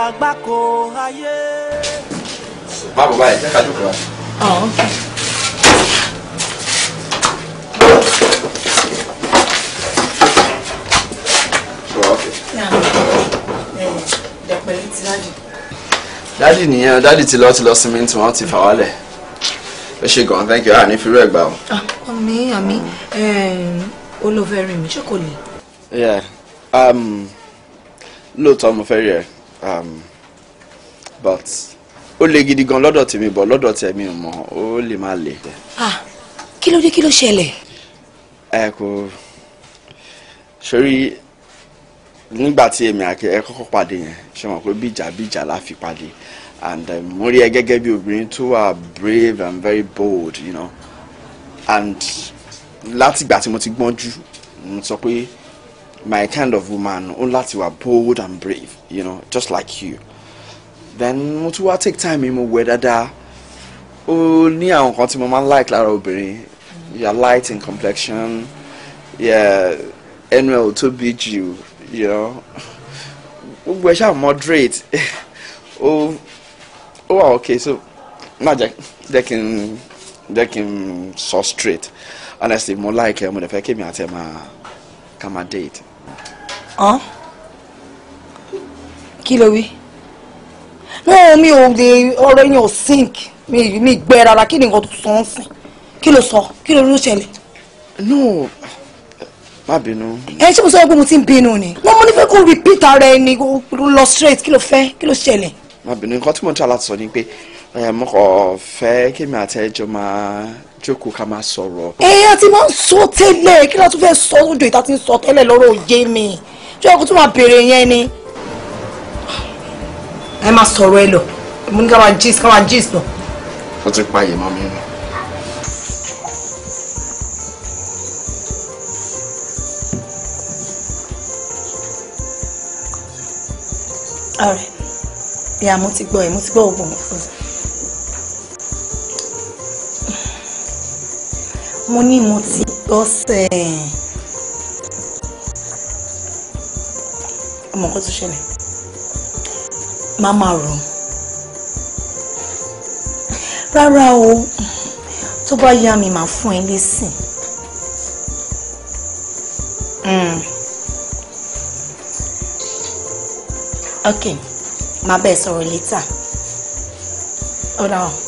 àgbákò ayé. má bọ̀ báyìí jẹ́ ká jókòó wa. Ah, eh, dádì nìyẹn dádì ti lọ ti lọ sinmi tí wọn ti fà wálẹ̀ ẹ ṣe gan thank you àní fírú ẹ gbà o. Ah, àmì àmì olóòfẹ́ eh, rìn mí ṣé kò lè. Um, lóòótọ́ mo fẹ́ rí ẹ Um, but ó le gidi gan lọ́dọ̀ tèmi bọ̀ lọ́dọ̀ tèmi ò mọ̀ ó lè má le. Ah, kí ló dé kí ló ṣẹlẹ̀. ẹ kò sórí nígbà tí èmi àti ẹ kọ́kọ́ pàdé yẹn ṣe mọ̀ pé bíjà bíjà la fi pàdé and um, mo rí ẹ gẹ́gẹ́ bí obìnrin tó wà brave and very bold you know and látìgbà tí mo ti gbọ́njú mo sọ pé my kind of woman ó láti wà bold and brave you know just like you then mo tún wá take time mo wẹ̀ dáadáa ó ní àwọn kan tí mo máa ń like lára obìnrin you are light in complexion ẹnu ẹ ò tóbi jù you know gbogbo ẹ ṣáà moderate [laughs] ó ó wà okay so má jẹ́ kí n jẹ́ kí n sọ straight honestly mo like ẹ mo dẹ̀ fẹ́ kí mi àti ẹ máa ká date hàn kí ló wí wọn mi ò lè ọ̀rọ̀ yẹn ò sink mi mi gbẹ rárá kí ni nǹkan tó sọ ń sìn kí ló sọ kí ló ló ṣẹlẹ̀. no má bínú. ẹ ṣé mo sọ pé mo ti ń bínú ni wọn mo ní fẹ́ kó repeat ara ẹni kó lọ straight kí ló fẹ́ kí ló ṣẹlẹ̀. má bínú nǹkan tí mo ń tà láti sọ ni pé mo kò fẹ́ kémi àti ẹjọ́ máa jókòó ká máa sọ̀rọ̀. ẹ àti máa ń sọ tẹ́lẹ̀ kí ló tún fẹ́ sọ lójú ìta ti ń sọ tẹ́lẹ̀ lọ́rọ̀ òye mi ṣé ọkùnrin tó máa béèrè yẹn ni. ẹ máa sọ̀rọ̀ ẹ lọ mo ní ká máa gist ká máa gist lọ. ó ti pa ìyè mọ́ mi rìn. ọ̀rẹ́ ìyá mo ti gbọ́ ẹ̀ mo ti gbọ́ òògùn mo ní mo ti gbọ́ sẹ́ẹ̀. mọ nǹkan tó ṣẹlẹ̀ máa máa rò rárá o tó bá yá mi máa fún ẹ lésì hmm. ok máa bẹ́ẹ̀ sọ̀rọ̀ létà ọ̀dà wọn.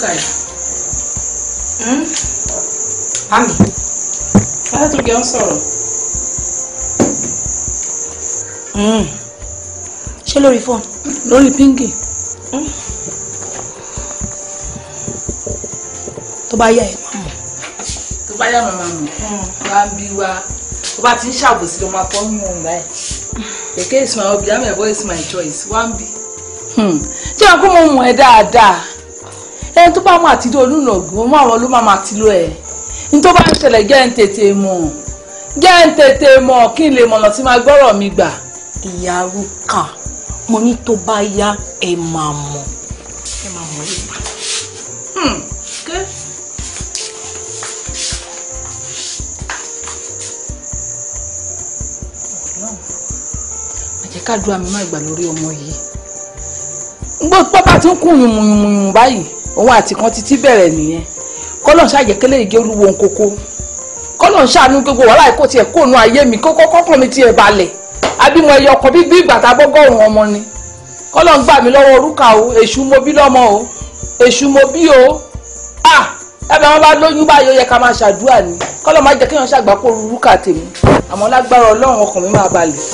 sugar yìí. Hmm? Ami, báyọ̀ tó jẹun sọ̀rọ̀. Hmm. Ṣé lórí fóònù? Lórí píngì. Hmm? Tó bá yá ẹ̀ máa mọ̀. Tó bá yá màmá mọ̀, wá ń bí wa. Tó bá ti ń ṣàbòsí lọ máa fọ́ mú my hobby, I'm a boy is my choice, wá ń bí. Ṣé wọn kó mo mọ̀ ẹ́ dáadáa? ẹni tó bá máa ti lo olùnàgún mọ́ àwọn ló máa máa ti lo ẹ̀ ní tó bá ń ṣẹlẹ̀ jẹ́ ń tètè mọ̀ jẹ́ ń tètè mọ̀ kí n lè mọ̀nà tí máa gbọ́rọ̀ mi gbà. ìyá rúkà mo ní tó bá yá ẹ máa mọ̀ ẹ máa mọ̀ yìí pa. Hmm, jẹ́ ká má gbà lórí ọmọ yìí. gbogbo pápá tí ń kún yùmùyùmùyùmù báyìí òun àti kan títí bẹ̀rẹ̀ nìyẹn kọ́lọ̀ ṣàjẹkẹ́lẹ́ ìgé olúwo nkoko kọ́lọ̀ ṣàánú gbogbo wàhálà ẹ̀kọ́ tiẹ̀ kóònù ayé mi kókó kọ́kàn mi tiẹ̀ balẹ̀ abímọ ẹyọ ọkọ bíbí ìgbà tá a bọ́gọ́rùn ọmọ ni kọ́lọ̀ ń gbà mí lọ́wọ́ orúkà o èṣù mo bí lọ́mọ o èṣù mo bí o ah ẹbẹ wọn bá lóyún báyọ yẹ ká máa ṣàdúrà ni kọ́lọ̀ má jẹ́ kéèyàn ṣàgbákò orúkà tèmi àmọ́ lágbára ọlọ́run ọkàn mi máa balẹ̀.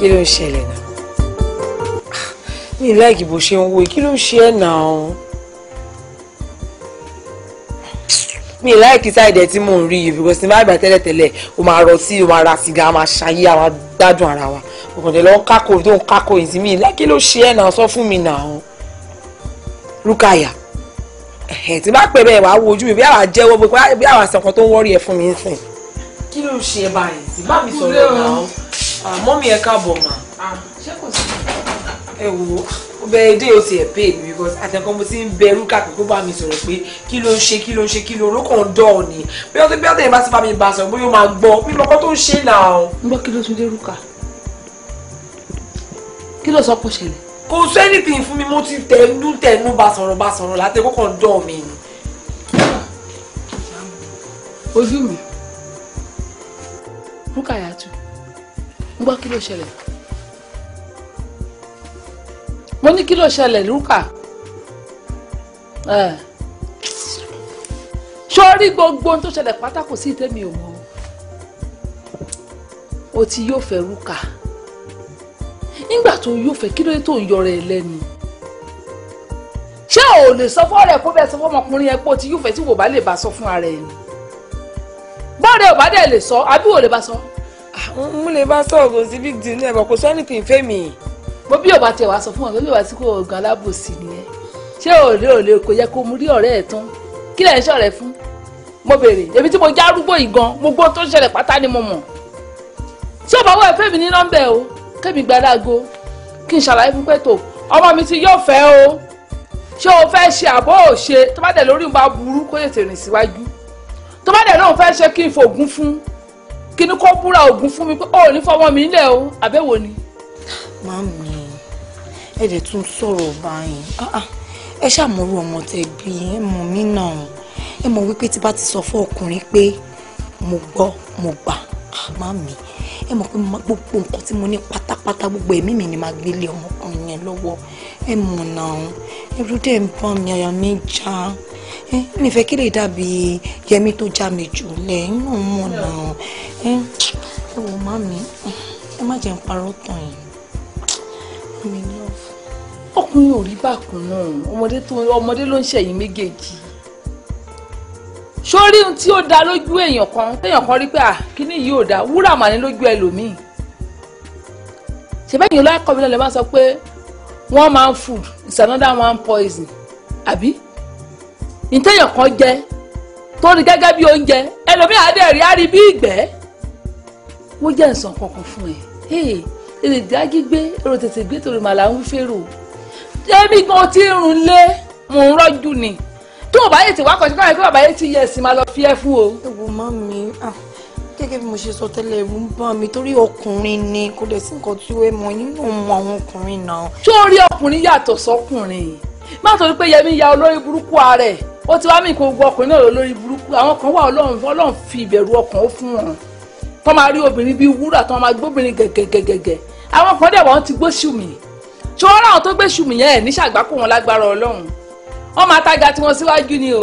kí ló ń ṣẹlẹ̀ náà mi láìkì bó ṣe ń wo kí ló ń ṣe ẹ̀ náà mi láìkì sáìdẹ̀ tí mò ń rí yìí because tí n bá gbà tẹ́lẹ̀tẹ́lẹ̀ o máa rọtí o máa ra sìgá o máa ṣayé a máa gbádùn ara wa òkàndé lọ kákò tó ń kákò yìí sí mi láìkì ló ṣe ẹ̀ náà sọ fún mi náà rúkàyà ẹ̀hẹ̀ tí bá pẹ̀ bẹ́ẹ̀ wàá wojú mi bí àwa jẹ́wọ́ bí àwa sọ̀kan tó ń wọ́rí ẹ̀ fún mi ń sìn kí ló ń ṣe báyìí bá mi sọ̀rọ̀ náà. Ah, mọ́mí ẹ káàbọ̀ mà. Ah, ṣé kò sí. ẹ wo bẹ́ẹ̀ dé o ti ẹ̀ pay mi because àtẹ̀kọ́ mo ti ń bẹ rúkà me kó bá mi sọ̀rọ̀ pé kí ló ń ṣe kí ló ń ṣe kí ló ló kàn dọ̀ ọ́ ni bí wọ́n ti bí àtẹ̀yìn bá ti bá mi bá sọ̀rọ̀ bóyá ó máa gbọ́ mi mọ́kọ́ tó ń ṣe náà. ń gbọ́ kí ló tún dé rúkà kí ló sọ anything fún mi mo ti tẹnu tẹnu bá sọ̀rọ̀ bá sọ̀rọ̀ látẹ̀kọ́ kàn dọ̀ mi ni. ojú mi rúkà yàtọ̀ ń gbọ́ kí ló ṣẹlẹ̀ mo ní kí ló ṣẹlẹ̀ lúkà sórí gbogbo ohun tó ṣẹlẹ̀ pátá kò sí ìtẹ́mi ò mọ̀ o ti yóò fẹ́ rúkà nígbà tó yóò fẹ́ kí ló dé tó ń yọrọ lẹ́nu ṣé o lè sọ fọ́ọ̀rẹ́ kó bẹ́ẹ̀ sọ fọ́mọkùnrin ẹ pé o ti yóò fẹ́ tí wò bá lè bá sọ fún ara ẹ ni bọ́ọ̀rẹ́ ò bá dẹ̀ lè sọ àbí wò lè bá sọ mo lè bá sọ̀rọ̀ kò sí big deal ní ẹ̀rọ kò sọ anything fẹ́ mi. mo bí ọba tiẹ̀ wá sọ fún wa bí ọba tí kò gan alábòsí nìyẹn ṣé òde òde kò yẹ kó mu rí ọ̀rẹ́ ẹ̀ tán kí lẹ̀ ń ṣọ̀rẹ́ fún mo béèrè èmi tí mo já arúgbó yìí gan mo gbọ́ tó ń ṣẹlẹ̀ pátá ni mo mọ̀ tí ọba wọ ẹ̀fẹ́ mi ní nọ́mbẹ̀ o kẹ́mi gbadago kí n ṣàlàyé fún pẹ́tò ọmọ mi ti yóò fẹ́ o ṣé o fẹ́ ṣe àbọ̀ òṣe tó bá dẹ̀ lórí ń bá burú kó lè tèrè síwájú tó bá dẹ̀ lóun fẹ́ ṣe kí n fògùn fún kíní kó búra ògùn fún mi pé ó ní fọwọ́ mi nílẹ̀ o àbẹ̀wò ni. màmí ẹ dẹ̀ tún sọ̀rọ̀ báyìí ah, ah, ẹ ṣàmúrò ọmọ tẹ bí ẹ mọ̀ mí náà ẹ mọ̀ wípé tí bá ti sọ fún ọkùnrin pé mo gbọ́ mo gbà ah, màmí ẹ mọ̀ pé gbogbo nǹkan tí mo ní pátápátá gbogbo ẹ̀mí mi ni máa gbélé ọmọkùnrin yẹn lọ́wọ́ ẹ mọ̀ náà ẹrú dẹ̀ ń bọ́ mi àyà mi já ẹ nífẹ̀ẹ́ kí lè dàbí yẹmí tó já mi jù lẹ̀ inú mọ̀ náà ẹ wò má mi ẹ má jẹ́ ń parọ́ tàn yìí mi ní ọ̀fọ̀. ọkùnrin ò rí bákan náà ọmọdé tó ọmọdé ló ń ṣẹ̀yìn méjèèjì sórí ohun tí ó da lójú èèyàn kan téèyàn kan rí pé à ah, kíní yìí ò da wúrà màní lójú ẹlòmíì ṣèbẹ́yìn olóyè kọ́bílẹ̀ lè má sọ pé one man food is another one poison àbí ìtẹ̀yàn kan jẹ tó ní gẹ́gẹ́ bí oúnjẹ ẹlòmíà dẹ̀ rí àrí bí ìgbẹ́ mo jẹ́ ǹsàn kankan fún ẹ èrè dágígbé èrò tètè gbé torí màlà ń fèrò ẹbí gan ti ń lé mò ń rọ́jú ni tó o bá yẹ ti wá kọjú káyọ̀ kí bàbá yẹ ti yẹ ẹ̀sìn máa lọ fi ẹ́ fún o. ẹ mọ́ mi ah gẹ́gẹ́ bí mo ṣe sọ tẹ́lẹ̀ ẹ̀rù ń bà mí torí ọkùnrin ni kò dẹ̀ sí nǹkan tí ó mọ nínú mọ àwọn ọkùnrin náà. ṣó rí ọkùnrin yàtọ̀ sọkùnrin má torí pé Yẹmí ya olórí burúkú ara ẹ̀ ó ti wá mí kó gbọ́ ọkùnrin náà lórí burúkú àwọn kan wà ọlọ́run ọlọ́run fi ìbẹ̀rù ọkàn ó fún wọn tó máa rí obìnrin bíi wúrà tó máa gbóbìnrin gẹ̀gẹ̀gẹ̀gẹ̀ àwọn kan dẹ̀ wọ́n ti gbó ṣùmì ṣó ráwọn tó gbé ṣùmì yẹn ní ṣàgbákò wọn lágbára ọlọ́run wọ́n máa tága tí wọ́n síwájú ni o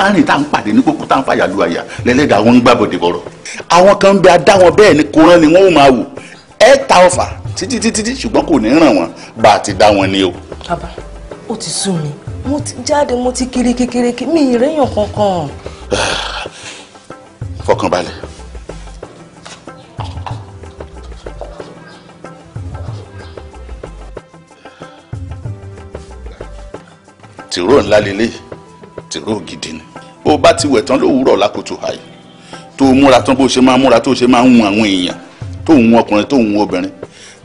tá à ń rìn tá à ń pàdé ní kókó tá à ń fàyà lu àyà lẹ́lẹ́dàá wọn ń gbàbọ̀dé bọ̀rọ̀ àwọn kan bẹ adá wọn bẹ́ẹ̀ ni koran ni wọ́n ó máa wò ẹ ta ọfà títí títí ṣùgbọ́n kò ní ràn wọ́n bá a ti dá wọn ni o. bàbá ó ti sú mi mo ti jáde mo ti kiri kékeré mi ìrẹ́yàn kankan. [sighs] fọkànbalẹ̀ tìró ńlá lélẹ̀ tìró gidi ni bó o bá ti wẹ̀ tán lówùúrọ̀ lákòótó àyè tó o múra tán bó o ṣe máa múra tó o ṣe máa ń hun àwọn èèyàn tó ń hun ọkùnrin tó ń hun obìnrin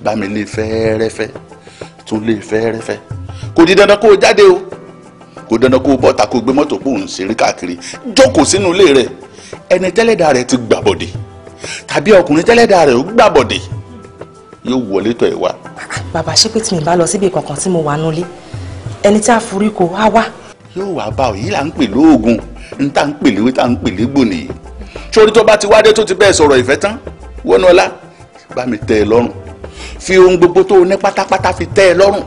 bá mi lè fẹ́ẹ́rẹ́fẹ́ tó lè fẹ́ẹ́rẹ́fẹ́ kò di dandan kó o jáde o kò dandan kó o bọ́ ta o gbé mọ́tò kó o ń ṣeré káàkiri jókòó sínú ilé rẹ ẹni tẹ́lẹ̀dá rẹ ti gbàbọ̀dé tàbí ọkùnrin tẹ́lẹ̀dá rẹ ó gbàbọ̀dé yóò wọlé tọ̀ ẹ̀ wá. bàbá ṣé pé tí mi bá lọ síbi kankan tí mo wà nulẹ̀ ẹni tí a forí ko á wá. yóò wá bá ọ yìí là ń pè lóògùn n tá n pèlè wí tá n pèlè gbò nìyí sórí tó bá ti wádé tó ti bẹ́ẹ̀ sọ̀rọ̀ ìfẹ́ tán wọnú bá mi tẹ́ ẹ lọ́rùn fi ohun gbogbo tó o ní pátápátá fi tẹ́ ẹ lọ́rùn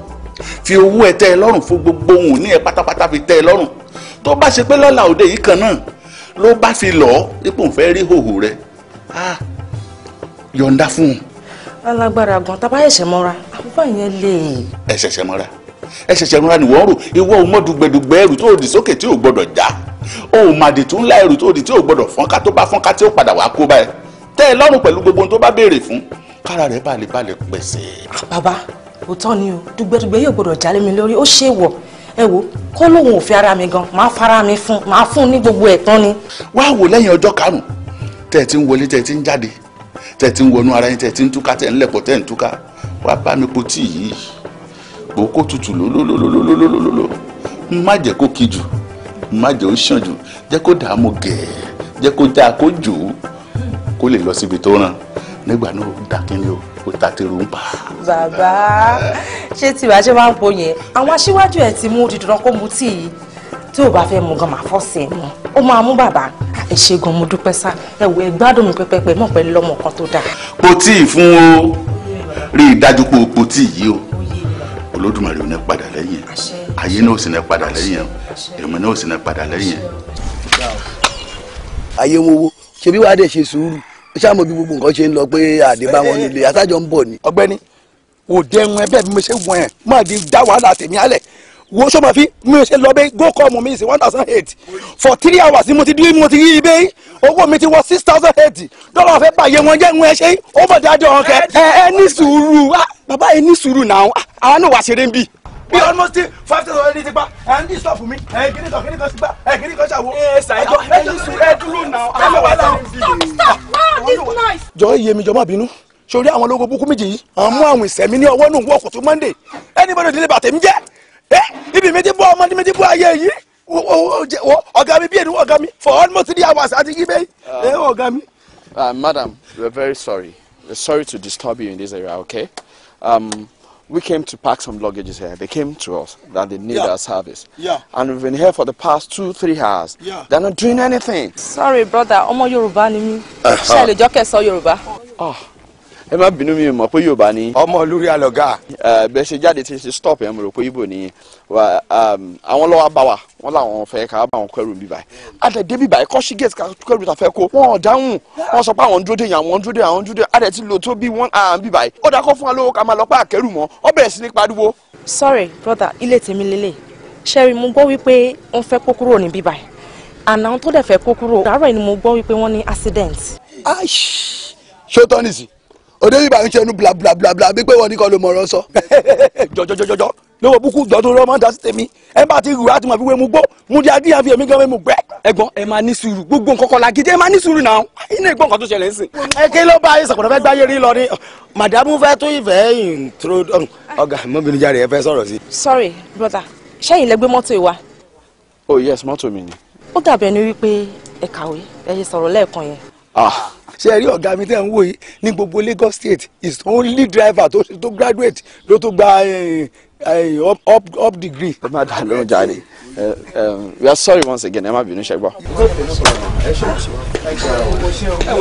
fi owó ẹ tẹ́ ẹ lọ́rùn fún gbogbo ohun ní ẹ pátápátá fi tẹ́ ẹ lọ́rùn tó bá ṣe pé lọ́la òde yìí kan náà ló bá fi lọ́ọ́ ipò ń fẹ́ rí hòhò rẹ̀ á yọ̀ǹda fún un. alágbára gan tábà ẹ̀ṣẹ̀ mọ́ra àbúrò yẹn lè. ẹ ṣẹ̀ṣẹ̀ mọ́ra ẹ ṣẹ̀ṣẹ̀ mọ́ra nìwọ́n rò ìwọ ọmọdùgbẹ̀dùgbẹ̀ ẹrù tó òdì sókè tí ò gbọdọ̀ já. Ja o ò màdì tún ńlá ẹrù tó di tí o gbọdọ̀ fọ́nká tó bá fọ́nká tí ó padà wàá kó báyìí tẹ́ ẹ lọ́rùn pẹ̀lú gbogbo ohun tó bá béèrè fún kára rẹ̀ balẹ̀ balẹ̀ pẹ̀sẹ̀. Ah, bàbá òótọ́ ni o dùgbẹ́dùgbẹ́ yóò gbọdọ̀ jálé mi lórí ó ṣe wọ̀ ẹ wo kó lóun ò fi ara mi gan máa fara mi fún máa fún ní gbogbo ẹ̀tàn ni. wá wò lẹ́yìn ọjọ́ karùn-ún tẹ́ ẹ ti ń wọlé tẹ́ ẹ ti ń jáde tẹ́ ẹ ti ń wọnú ara yín tẹ́ ẹ má jẹ́ ó ṣàn jù jẹ́ kó dààmú gẹ̀ẹ́ jẹ́ kó dáa kó jù ú kó lè lọ síbi tó ràn nígbà náà ó dà kí n lò ó ta tèrò ń pa. bàbá ṣé tí ìbáṣe máa ń po yẹn àwọn aṣíwájú ẹ ti mú dídùn kó mu tíì yìí tí ò bá fẹ́ mu gan máa fọ́ọ̀sì ẹ̀ mu ó máa mú bàbá ẹ ṣe gan mo dúpẹ́ sá ẹ wò ẹ gbádùn mi pẹ́pẹ́pẹ́ mọ̀ pẹ́ lọ́mọ kan tó dáa. kò tí ì fún o rí i dájú pé o kò tí ì yí o olódùmarè ò ní padà lẹ́yìn ẹ̀ ayé náà ò sì ní padà lẹ́yìn yẹn èmi náà ò sì ní padà lẹ́yìn yẹn. ayé wọn wo ṣebí wàá dẹ̀ ṣe sùúrù ṣáàmù bí gbogbo nǹkan ṣe ń lọ pé àdébá wọn nílé àtàjọ ń bọ̀ ni. ọ̀gbẹ́ni wò dẹrun ẹbẹ mi ṣe wọn ẹ má di dá wàhálà tèmi alẹ wo sọma fi mi ṣe lọ bẹ go call mi ṣe one thousand eight for three hours ni mo ti di mo ti rí ibẹ owó mi ti wọ six thousand eight dọ́là fẹ́ bàyẹ̀ wọn jẹ́ ń ẹ ṣe ó bọ̀ dájọ́ ọ̀kẹ́ ẹ ẹ ní sùúrù ah, bàbá ẹ ní sùúrù náà àwọn náà wà ṣeré ń bì bí almost five thousand already. ti gbá ẹ ń disturb fún mi ẹ kìíní kan kìíní kan ti gbá ẹ kìíní kan ṣàwọ. ẹ ṣàyẹ̀wò ẹ jọ sùn ẹ dúró náà ẹ lọ wà láwọn. stop stop wow this noise. jọ iye mi jọ má bínú sórí àwọn ológun búkú méjì yìí àwọn mú àwọn ìsẹ̀mí ní ọwọ́ nù wọ́ọ̀kù tó monday anybody délé bàtẹ́ mi jẹ́ ẹ eh, ibi mi ti bọ́ ọmọdé mi ti bọ́ ayé yìí ọ̀gá mi bí ẹni ọ̀gá mi for almost three hours àti yí bẹ́ẹ̀ ẹ ah. eh, ọ̀gá mi. Ah, madam we are very sorry we are sorry to disturb you in this area okay. Um, we came to pack some luggages here. They came to us that they need yeah. our service. Yeah. And we've been here for the past two, three hours. Yeah. They're not doing anything. Sorry, brother. Omo yoruba ni mí. Ṣé ẹ lè jọ́ Oh ẹ má bínú mi mọ̀ pé yorùbá ni. ọmọ olórí alọ̀gá. bẹ́ẹ̀ ṣe jáde tí ṣe stop ẹ̀ mo rò pé ibo ni um, àwọn lọ́wọ́ bá wa wọ́n làwọn fẹ́ ká bá wọn kẹrù bíbáyì adẹ̀ dé bíbáyì kọ́ṣí gate ká kẹrù ta fẹ́ kó wọ́n dáhùn wọ́n sọ pé àwọn dúró dé yàn àwọn dúró dé àwọn dúró dé adẹ̀ ti lò tó bí wọ́n à bíbáyì ó dákọ́ fún wa lówó ká máa lọ pé àkẹ́rù mọ́ ọ bẹ̀rẹ̀ sí ní pariwo. sorry brother ilé tèmi lélẹ̀ sẹ́rí mo gbọ́ wípé wọ́n fẹ́ kó kúrò ní bíbáyì àná tó dẹ̀ fẹ́ kó kúrò àárọ̀ ni mo gbọ́ wípé wọ́n ní accident. ṣé ó tọ́ nìsín oníyìnbá ń ṣẹnu bla bla bla bla bí pé wọn ní kọ́ ló mọ̀ ọ̀rọ̀ sọ. jọjọjọjọjọ [laughs] lówó búkú jọ tó rọmọ dá sí tèmi ẹ bá ti rù á ti mọ̀ fi wé mu gbó mu di adíyàn fi èmi gan mu gbẹ. ẹ̀gbọ́n ẹ máa ní sùúrù gbogbo nǹkan kan lagídé ẹ máa ní sùúrù náà iná ìgbọ́n kan tó ṣẹlẹ̀ ń sìn. ẹ kí ló bá ayé sàkóso fẹ́ gbáyé rí lọ ní màdàmú fẹ́ tó ìfẹ́ intro ọ̀gá mọ́bìnrin jáde ẹ fẹ́ sọ̀rọ̀ sí. sorry brother ṣẹ́yìn lẹ gbé mọ́tò ìwà. oh yes mọ́tò mi ni. ó dàbẹ̀ ni wípé ẹ kàwé ẹ Ah, ṣe rí ọ̀gá mi tẹ́ ń wò yìí ní gbogbo Lagos state is only driver tó tó graduate ló tó gba eh, eh, up up degree. ẹ má dàá lóhùn jáde we are sorry once again ẹ má bínú ṣẹgbọ́.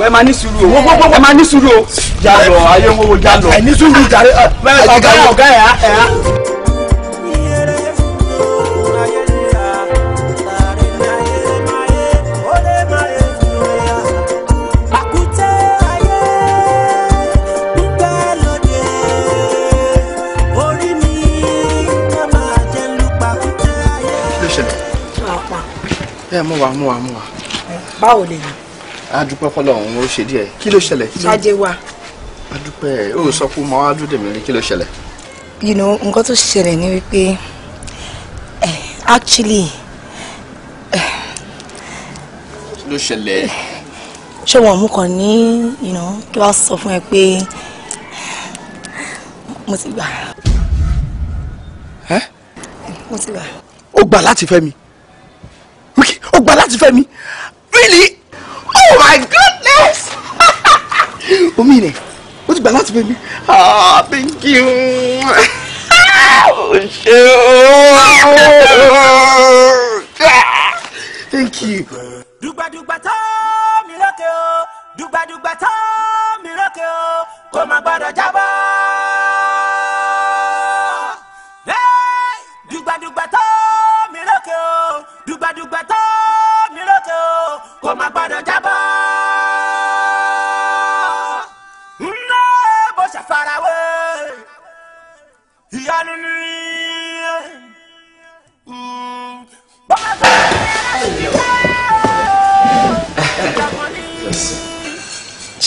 ẹ máa ní sùúrù o ẹ máa ní sùúrù o. jà ayé wo jà ẹ ní sùúrù jàre ọ̀gá ẹ̀ ọ̀gá ẹ̀ á. ẹ mú wa mú wa mú wa. báwo lè ní. a dúpẹ́ fọlọ́ òun ó ṣe díẹ̀ kí ló ṣẹlẹ̀. ṣáájé wa. a dúpẹ́ ó sọ pé mo á dúró dèmí rí kí ló ṣẹlẹ̀. you know nǹkan tó ṣẹlẹ̀ ni wípé eh, actually. Eh, kí ló ṣẹlẹ̀. ṣé wọn mú kàn ní kí wàá sọ fún ẹ pé mo ti gbà. mo ti gbà. ó gbà láti fẹ́ mi ó gba láti fẹ́ mi really oh my goodness [laughs] omi rẹ̀ ó ti gba láti fẹ́ mi ah thank you [laughs] ṣe ooo thank you. dùgbàdùgbà tó mi lókè o dùgbàdùgbà tó mi lókè o kó má gbọ́dọ̀ jábọ́.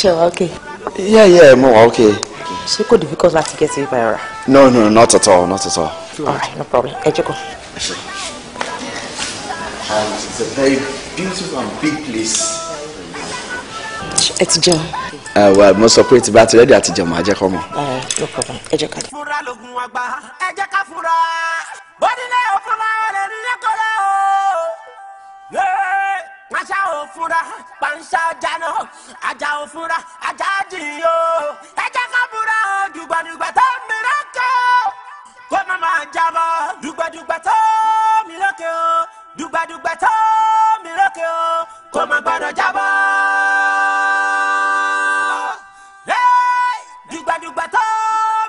ṣe okay. yeah yeah mo wa okay. ṣé kò difficult láti get to by ra. no no not at all not at all. all right no problem ẹ jókòó. and it's a very beautiful and big place. It's ti Uh, well, mo sọ pé tí bá ti rẹ́dí àti jẹun máa jẹ́ kọ́ mọ̀. no problem ẹ jẹ́ ò fura panṣá jáná ajá ò fura ajá dìyó ẹjẹ ká fura dùgbàdùgbà tó mìíràn kó kó má máa jábọ́ dùgbàdùgbà tó mìíràn kó dùgbàdùgbà tó mìíràn kó kó má gbọ́dọ̀ jábọ́. dùgbàdùgbà tó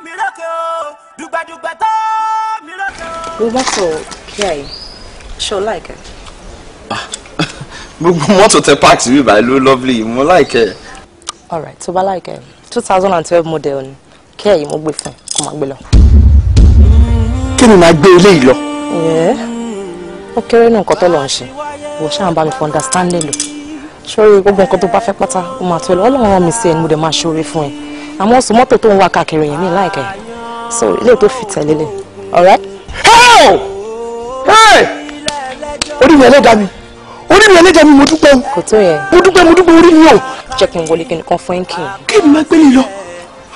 mìíràn kó dùgbàdùgbà tó mìíràn kó. we want to hear you. She'll like it gbogbo mọ́tò tẹ park sí bíbá ló lovely mo like ẹ. alright tó bá like two thousand and twelve model ni kí ẹ̀yin mo gbé fún kó máa gbé lọ. kí ni màá gbé eléyìí lọ. ó kéré ní nǹkan tó lọ ń ṣe wò ṣáà ń bá mi for understanding lò sórí gbogbo nǹkan tó bá fẹ́ pátá ó máa tó ẹ lọ ọlọ́run rán mi sí ẹ ni mo dẹ̀ máa ṣoore fún ẹ àmọ́ oṣù mọ́tò tó ń wá káàkiri yẹn mi láìka ẹ̀ so ilé tó fi tẹ̀lé lẹ̀ alright. orí mi ẹlẹ́dàá mi orí mi ẹlẹ́jà mi mo dúpẹ́ o kò tó yẹ mo dúpẹ́ mo dúpẹ́ orí mi o. jẹ́ kí n wọlé kí n kan fún ẹ̀kì. kí ni máa gbé ní lọ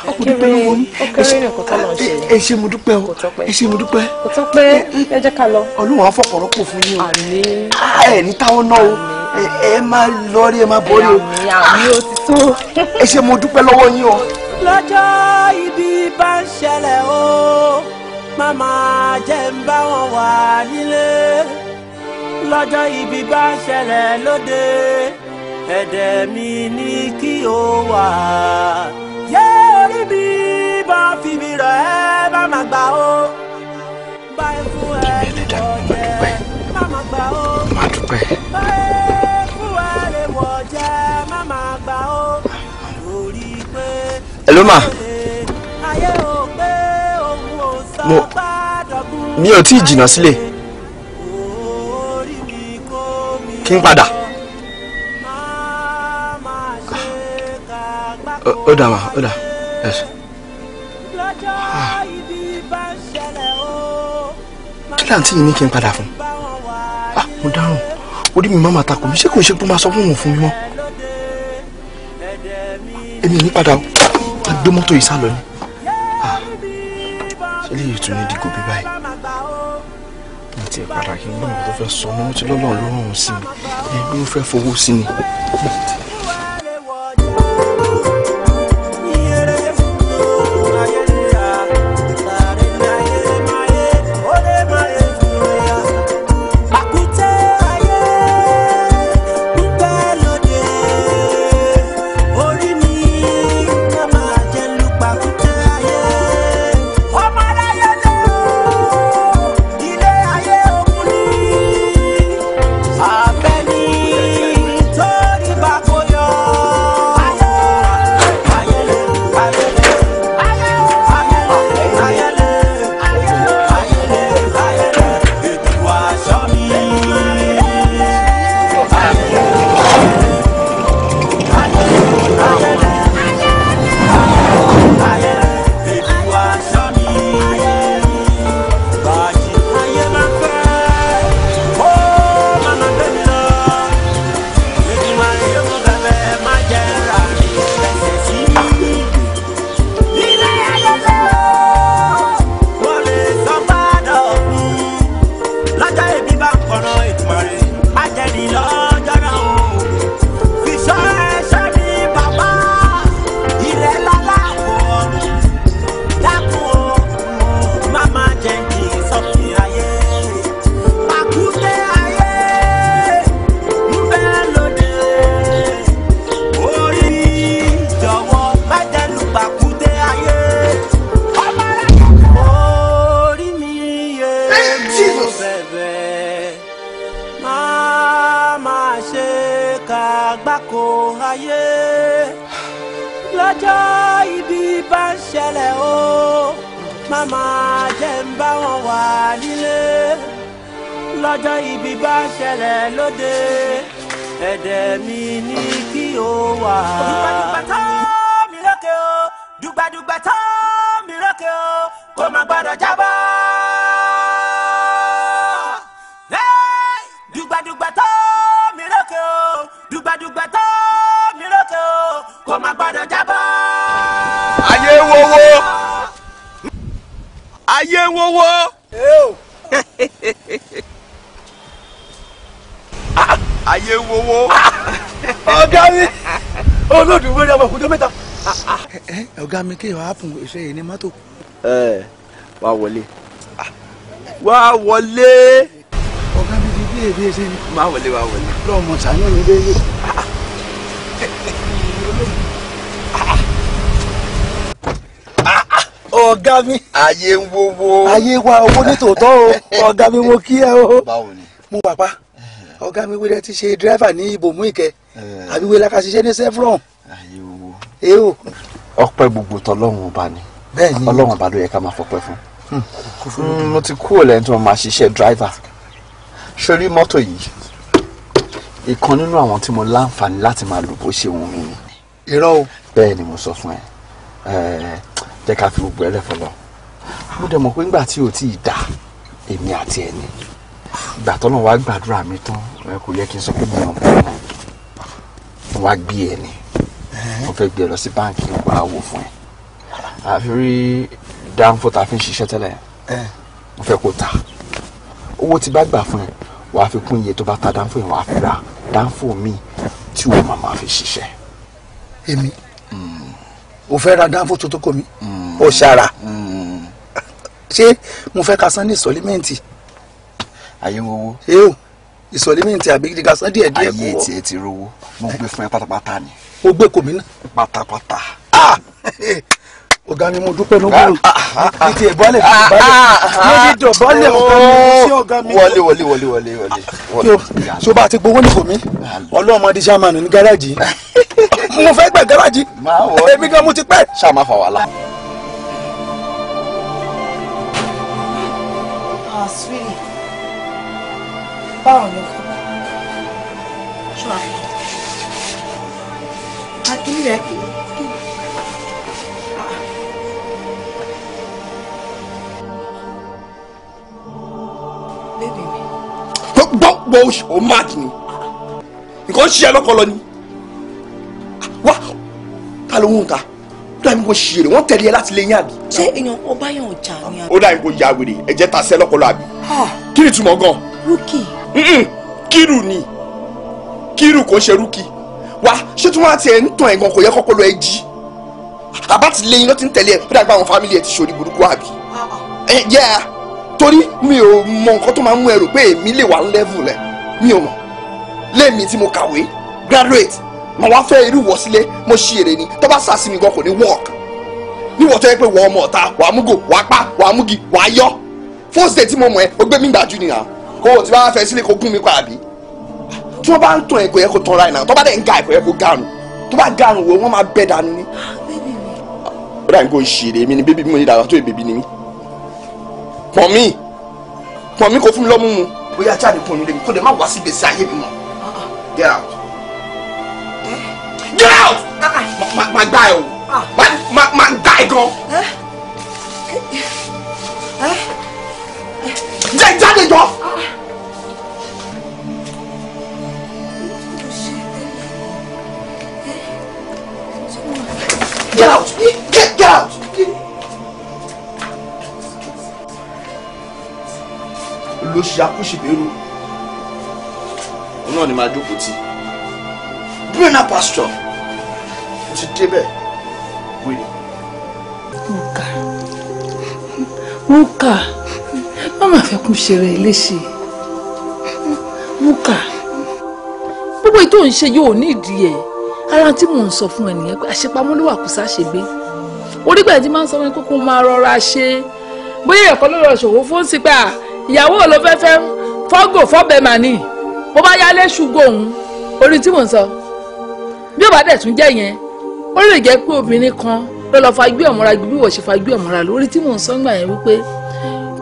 ẹ ṣé mo dúpẹ́ o ẹ ṣé mo dúpẹ́. kò tó pé ẹ jẹ́ ká lọ. olúwa fọkànrọ́ fún yín o ẹ ní táwọn náà o ẹ máa lọ rí ẹ máa bọ́ rí o ẹ ṣé mo dúpẹ́ lọ́wọ́ yín o. lọ́jọ́ ibi bá ń ṣẹlẹ̀ o màmá jẹ́ ń bá wọn wà nílé lọ́jọ́ ibi bá ṣẹlẹ̀ lóde ẹ̀dẹ̀ mi ní kí o wà. yé orí mi bá fi mi rọ̀ ẹ́ má má gbà ó. bá ikú ẹ lè wọ má má gbà ó. má dúpẹ́. bá ikú ẹ lè wọ má má gbà ó. torí pé. ẹ ló mà. ayé o pé òun ò sọ gbàdọ̀gùn. mi ò tí ì jìnnà sílé. kí n padà. ó dà mà ó dà ẹ sùn. Ah. kí láǹtí yìí ní kí n padà fún ah, mo dárùn orí mi má máa takò mí ṣé kò ń ṣe pé máa sọ fún òun fún mi mọ́ èmi ní padà gbé mọ́tò yìí sá ni ah. ṣé lè yìí tún ní dìgò bí báyìí ti ẹ̀ padà kí n gbọ́n mi tó fẹ́ sọ mo ti lọ́lọ́run ló rún sí mi ẹ ló fẹ́ fowó sí mi. mi kí ìwà àpùn ìṣe yìí ní mọ́tò. ẹ wá wọlé ah, wá wọlé. ọ̀gá mi ti bí èdè ṣe ni. má wọlé wá wọlé. lọ́mọ sàánú mi délé. [laughs] ọ̀gá mi. ayé ń wowó. ayé wa owó nítòótọ́ o ọ̀gá mi mo kí ẹ o. báwo ni. mo pàpà ọ̀gá mi wíwẹ́ ti ṣe dírẹ́fà ní ibòmú ìkẹ́ àbí wíwẹ́ lákàṣiṣẹ́ ní sefron. ayé wowó. èèwọ̀ ọpẹ́ gbogbo tọlọ́run ọba ni ọlọ́run ọba ló yẹ ká máa fọpẹ́ fún hmm, hmm, mo ti kúrò lẹ́yìn tí mo máa ṣiṣẹ́ dráìvà sórí mọ́tò yìí ìkan nínú àwọn tí mo láǹfààní láti máa lò bó ṣe wù mí ni. irọ́ o. bẹ́ẹ̀ ni mo sọ fún ẹ jẹ́ ká fi gbogbo ẹ lẹ́fọ̀ lọ mo dẹ̀ mọ̀ pé nígbà tí o ti dà èmi àti ẹni ìgbà tọ́lọ́ wa gbàdúrà mi tán kò yẹ kí n sọ pé mo mọ̀ pé wá gbé ẹni ó fẹ́ gbé lọ sí báǹkì wàá wò fún ẹ àfi rí dáńfó tá a fi ń ṣiṣẹ́ tẹ́lẹ̀ mo fẹ́ kó ta owó tí bá gbà fún ẹ wàá fi kún iye tó bá ta dáńfó yẹn wàá fi ra dáńfó mi tí o màmá fi ṣiṣẹ́. èmi hmm. mo fẹ́ ra dáńfó tó tó kọ mi hmm. ó ṣara hmm. ṣé mo fẹ́ ka sanni sọlímẹ́ǹtì. àyẹ̀wò owó. ṣé o ìsọ̀lí mi ti àbí gíga sán díẹ̀ díẹ̀ kú ọ. ayé tiẹ̀ ti rówó mo gbé fún ẹ pátápátá ni. o gbé kò mí náà. pátápátá. ọ̀gá mi mo dúpẹ́ lógún o oh. ìtì ìbọ́lẹ̀ ìbọ́lẹ̀ mo ti dọ̀bọ́lẹ̀ ọ̀gá mi sí ọ̀gá mi. wọlé wọlé wọlé wọlé wọlé. tí o bá ti gbowó ní kò mí ọlọ́mọdé sàmánù ní gáràjì [laughs] mo fẹ́ gbà gáràjì èmi gan mo ti pẹ́. sàmà fà wàhálà. ah sweetie. Paulo, lọ fún ṣọ́ra akíní rẹ̀ kì í. gbọ́ o mad ni nǹkan ṣe ẹlọ́kọlọ ni wá ta ló ń ta ó dàbí kò ṣe èrè wọ́n tẹ̀lé ẹ láti lè yín àbí. ṣé èèyàn ọba o ò jà ní àná. ó dàbí kò ya wèrè ẹ̀jẹ̀ ta sí ẹlọ́kọlọ àbí ah. kí tu, túmọ̀ gan rúkì. kírù ni kírù kò ṣe rúkì wá ṣé tí wọ́n á tiẹ̀ ń tàn ẹ̀gàn kò yẹ kọ́kọ́ lọ ẹ jí àbá ti lẹ́yìn lọ́ọ́ ti ń tẹ̀lé ẹ̀ kódà gba àwọn fámìlì ẹ̀ ti ṣòrí burúkú àbí. Ah, ah. yẹ́ẹ̀ torí mi ò mọ nǹkan tó máa ń mú ẹ pé èmi lè wà lẹ́vù rẹ̀ mi ò mọ̀ lẹ́mi tí mo kàwé graduate mà wá fẹ́ irú wọ mo ṣí èrè ni tó bá sàsí mi gan kò ní work níwọ̀ tó yẹ pé wọ ọmọ ọ̀ta wàá múgò wàá pa wàá múgi wàá yọ first day tí mo mọ̀ ẹ́ ó gbé mi gbàjú nìyà kó o ti bá fẹ́ sílé kó gún mi pa àbí tí wọ́n bá ń tàn ẹ̀kọ́ yẹ kó tàn ra ìnáwó tó bá dẹ̀ ń ga ẹ̀kọ́ yẹ kó gàrùn tó bá gàrùn wo wọ́n máa bẹ́ dànù ni. ó dà ní kó ṣèrè èmi ni bébí mi ò ní dàgbà tó èbèbí ni mí pọ̀n mí pọ̀n mí kò fún mi lọ́mú mu bóyá jáde pọ̀n mi lè mi kó lè má wá sí gbèsè ayé mi mọ́ get out get out má gbá ẹ o má gbá ẹ gan jẹ́ jáde jọ. Get out! Get, get out! Olóṣì akúṣìbérò. Òun náà ni màá jókòó tì. Bírínà pásítọ̀. Mo ti débẹ̀. Wèrè. Mo kà. Mo kà. Má máa fẹ́ kún ṣeré léṣe. Mo kà. Gbogbo ètò ìṣe yóò ní ìdí ẹ̀ ara tí mò ń sọ fún ẹnìyẹn pé àṣepamọ́ ló wà kó sáṣegbé orígbà tí máa ń sọ fún kókó máa rọra ṣe bóyá ẹ̀kọ́ ló lọ ṣòwò fún sí pé à ìyàwó ló fẹ́ fẹ́ fọ́gò fọ́bẹ̀ màní bó bá yálé ṣùgbọ́ òun orin tí mò ń sọ bí ó bá dẹ̀ tún jẹ́ yẹn ó lè jẹ́ pé obìnrin kan ló lọ́ọ́ fagbé ọ̀mọ́ra bí wọ́n ṣe fagbé ọ̀mọ́ra lórí tí mò ń sọ ń gbà yẹn wípé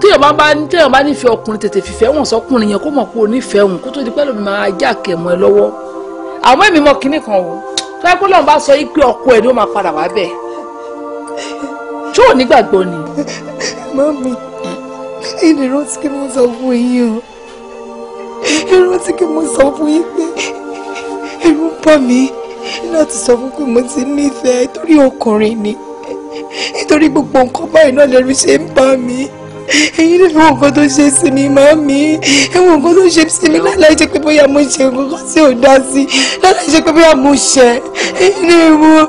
téèyàn bá bá téèyàn ọkùnrin tètè fìfẹ́ wọn sọkùnrin yẹn kó mọ̀ pé onífẹ̀ẹ́ òun kó tó di pẹ́ lómi máa já kẹ̀mọ́ ẹ lọ́wọ́ àmọ́ èmi mọ kinní kan wò tó yẹ kó lóun bá sọ yí pé ọkọ ẹ̀ ló máa padà wá bẹ̀ tó ò nígbàgbọ́ ni. mami ìdí rántí kí mo sọ fún yín o ìrántí kí mo sọ fún yín pé ẹ̀rù ń bà mí láti sọ fún pé mo ti nífẹ̀ẹ́ torí ọkùnrin ni nítorí gbogbo nǹkan báyìí náà lẹ́rù ṣe ń bà mí ẹ̀yin náà ẹ̀wọ̀n nǹkan tó ṣe sí mi màámi ẹ̀wọ̀n nǹkan tó ṣe sí mi láláì jẹ́ pé bóyá mo ṣe nǹkan tí ò dá sí láláì jẹ́ pé bóyá mo ṣẹ̀ ẹ̀yin náà ẹ̀wọ̀n.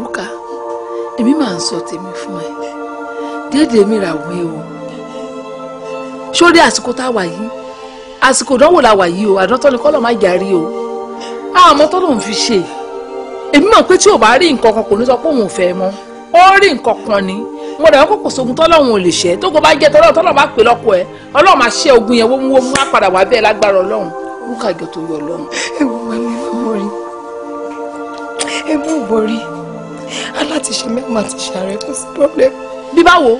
Ruka èmi máa ń sọ tèmi fún ẹ déédéé mi rà la wà yìí ni kọ́lọ̀ má jàrí o àmọ́ tọ́lọ̀ ń fi ṣe èmi mọ̀ pé tí ò bá rí nǹkan kan kò ní sọ pé òun ò fẹ́ mọ́ rí nǹkan kan ni mo rẹ̀ kókò sógun tọ́lọ́run ò lè ṣẹ́ tó kò bá jẹ́ tọ́lọ́run tọ́lọ́run bá pè lọ́kọ ẹ ọlọ́run máa ṣe ogun yẹn wọ́n mú wá wá bẹ́ẹ̀ lágbára ọlọ́run lúkà jọ tó yọ ọlọ́run. ẹ wo wa mi mọ rí ẹ mú ìbọn rí alátiṣe mẹ́wàá ti ṣàárẹ̀ kò sí problem. bí báwo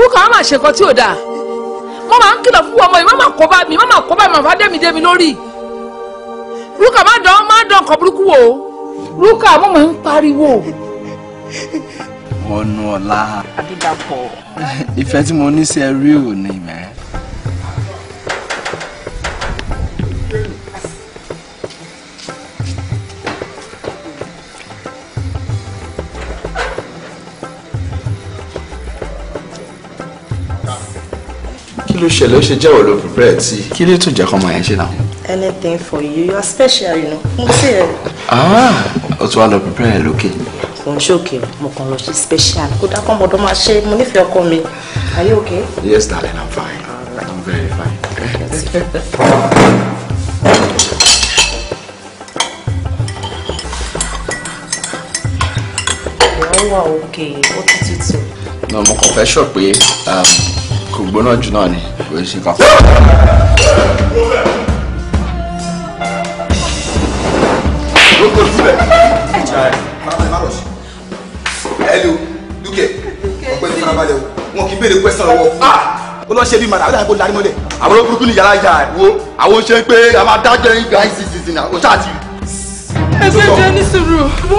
lúkà wọn máa ṣe nǹkan tí ò dáa wọn máa ń kìlọ̀ fún ọmọ yìí wọn máa kó bá mi wọn máa kó bá mi àfa dẹ́mi dẹ́mi lórí lúkà má dán má dán ọkọ̀ burúkú wo lúkà wọn máa ń pariwo wọnú ọlá. Adédàpọ̀. Ìfẹ́ tí mo ní sí ẹ rí ò ní mẹ́. kí ló ṣẹlẹ̀ ó ṣe jẹ́ òòlù prepare tí. kí ló tún jẹ́ kọ́ ọmọ yẹn ṣe náà. anything for you you are special you know. mo ṣe rẹ. ah o tún wá lọ prepare lókè. Okay kò ń ṣòkè mo kàn lọ ṣe special kódà kọ́ ọmọdé máa ṣe mo nífẹ̀ẹ́ ọkọ mi are you okay. yes darling i'm fine right. i'm very fine. ìyàwó wa òkè ó tún ti tù. náà mo kàn fẹ́ sọ pé um, kò gbóná jù náà ni kò ṣe kàn. Look what's there hello lukẹ ọgbẹni farabalẹ̀ o wọn kì í béèrè pẹsẹ lọ́wọ́ ah! ó lọ ṣe bí mara aláìkó larí mọ́lẹ̀. àwọn burúkú ni yàrá ìjà wo àwọn ṣe pé a máa dájọ́ yín gan ìsinsìnyí náà o ṣáà ti. ẹgbẹ́ ìjọ ní sùúrù mo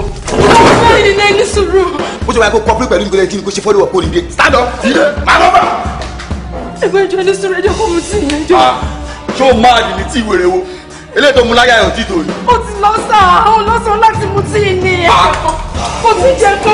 fẹ́ ìdílé ní sùúrù. bó ṣe wáyé kó kọ́pẹ́ pẹ̀lú ìgbélé tí kò ṣe fọ́lẹ́wọ̀ kó nìde. stand up dìde máa lọ bá. ẹgbẹ́ ìjọ ní sùúrù ẹjọ́ kò mú sí ìyẹn jọ. Ah, ṣé o máa dì ní tí ìwèrè wo eléyìí tó mu láyà ẹ̀ ò tí tò ní. ó ti lọ sáà àwọn lọ́sàn-án láti mú tí ní ẹ̀kọ́ ah! kò tí jẹ́ kó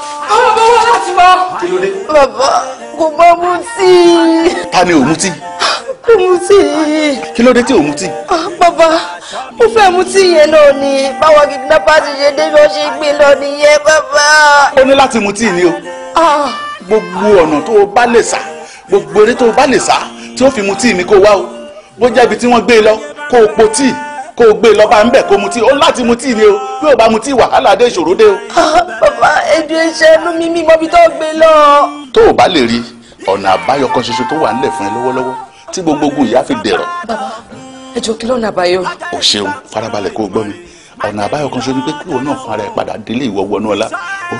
wọ́n láti mọ. bàbá kò bá mutí. ta ni O mutí. kò mutí. kí ló dé tí ò mutí. Ah, bàbá ó fẹ́ mutí yẹn náà ni báwọn kìdínápá ti ṣe débi ó ṣe gbé lọ nìyẹn bàbá. o ní láti mutí ni o. Ah. gbogbo ọ̀nà tó o bá lè sá gbogbo eré tó o bá lè sá tí o fi mutí mi kó wá o bó jẹ́ ibi tí wọ́n gbé e lọ kó o po tíì kó o gbé e lọ bá ń bẹ̀ kó mutí o láti mutí ni o bí o bá mutí wàhálà dé ìṣòro dé o. Ah, bàbá èdè ìṣẹ́nu mi mi mọ́bi tó gbé e lọ. tó o bá lè rí ọ̀nà àbáyọ kan ṣoṣo tó wà ńlẹ̀ fún ẹ lọ́wọ́lọ́wọ́ tí gbogbo ìyá fi dẹ̀rọ̀. bàbá ẹ kí lọ́nà àbáyọ. o ṣeun farabalẹ̀ kó o gbọ́ mi ọ̀nà àbáyọ kan ṣoṣo ni pé kúrò náà fún ara ẹ padà délé ìwọ wọnú ọlá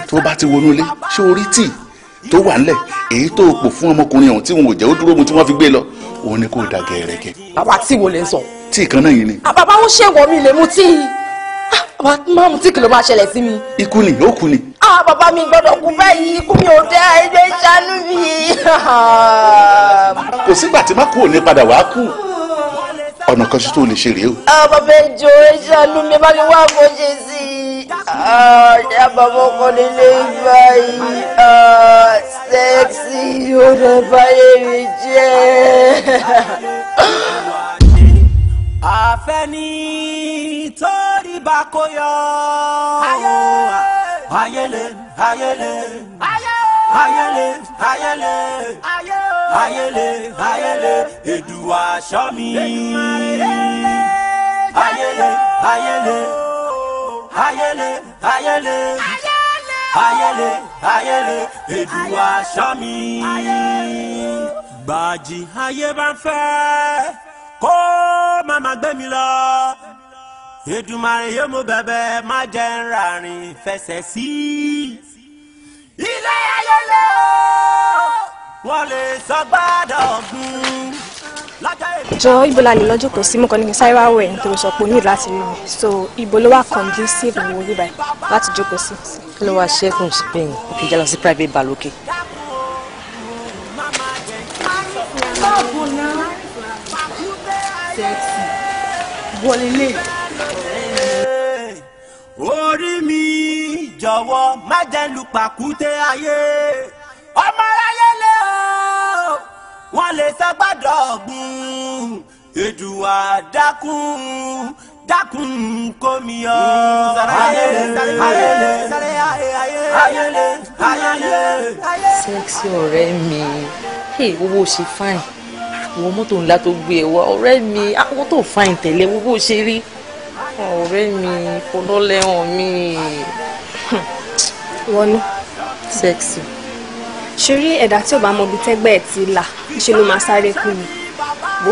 tó bá ti wọnú ilé ṣé o rí tíì tó wà ńlẹ̀ èyí tó o pò fún ọmọkùnrin ọ̀hún tí wọn ò jẹ́ ó dúró mu tí wọ́n fi gbé e lọ òun ni kò da gẹ̀ẹ́rẹ́gẹ́. àwa tí wo lè sọ. tí ìkan yìí ni. àbàbá ah, ń ṣe mi lè mu tí ah, àbá máa mu tí kìlọ̀ máa ṣẹlẹ̀ sí mi. ikú ni ó kú ni. Ah, bàbá mi gbọ́dọ̀ kú báyìí ikú mi ò dá ẹgbẹ́ ìṣàánú mi. [laughs] kò sígbà tí má kú òní padà wàá kú ọ̀nà kan tó lè ṣe rèé o. bàbá ìjọ ìṣàánú mi bá mi wá kó ṣe sí i. ọ̀dà bàbá nílé ìgbà yìí sẹ́ẹ̀sì ò lè mi jẹ́ àfẹ́ni tó rí bá kó yọ ayẹlẹ ayẹlẹ ayẹlẹ ayẹlẹ ayẹlẹ ayẹlẹ èdùwà sọmi ayẹlẹ ayẹlẹ ayẹlẹ ayẹlẹ ayẹlẹ ayẹlẹ èdùwà sọmi gbàjì ayé bá ń fẹ́ kó má má gbé mi lọ Èdùmàrè yóò mú bẹ̀bẹ̀ má jẹ́ ń rárìn fẹsẹ̀ sí ilé ayé lé o wọ́n lè sọ gbádọ̀ ọ̀gbun jọ ibo la lè lọ́jọ́ kò sí mo kàn ní kí sáyẹ́wá wẹ̀ nítorí sọ pé o need láti rí mi so ibo ló wà conducive ìwòye báyìí láti jókòó sí. kí ló wá ṣẹ́kùn sí ni òkè jẹ́ lọ sí private bar lókè. Okay? báàbò náà sẹ́ẹ̀sì wọlé lè. orí mi jọ̀wọ́ má jẹ́ lu pàkúté ayé ọmọ aráyé lé o wọ́n lè sẹ́gbàdọ̀ ọ̀gbìn èdùwà dákun dákun kómi ọ. ayé, ayẹlẹ ayé, ayẹlẹ. sẹ́ẹ̀sì ọ̀rẹ́ mi owó ṣe fine wo mọ́tò ńlá tó gbé ẹ wá ọ̀rẹ́ mi àwọn ah, tó fine tẹ̀lé wo bó ṣe rí ọ̀rẹ́ mi fọlọ́lẹ́hàn mi. wọnú sexy. ṣeré ẹ̀dá tí ò bá mọ ibi tẹ́gbẹ́ ẹ̀ ti là ṣe ló máa sáré kú mi bó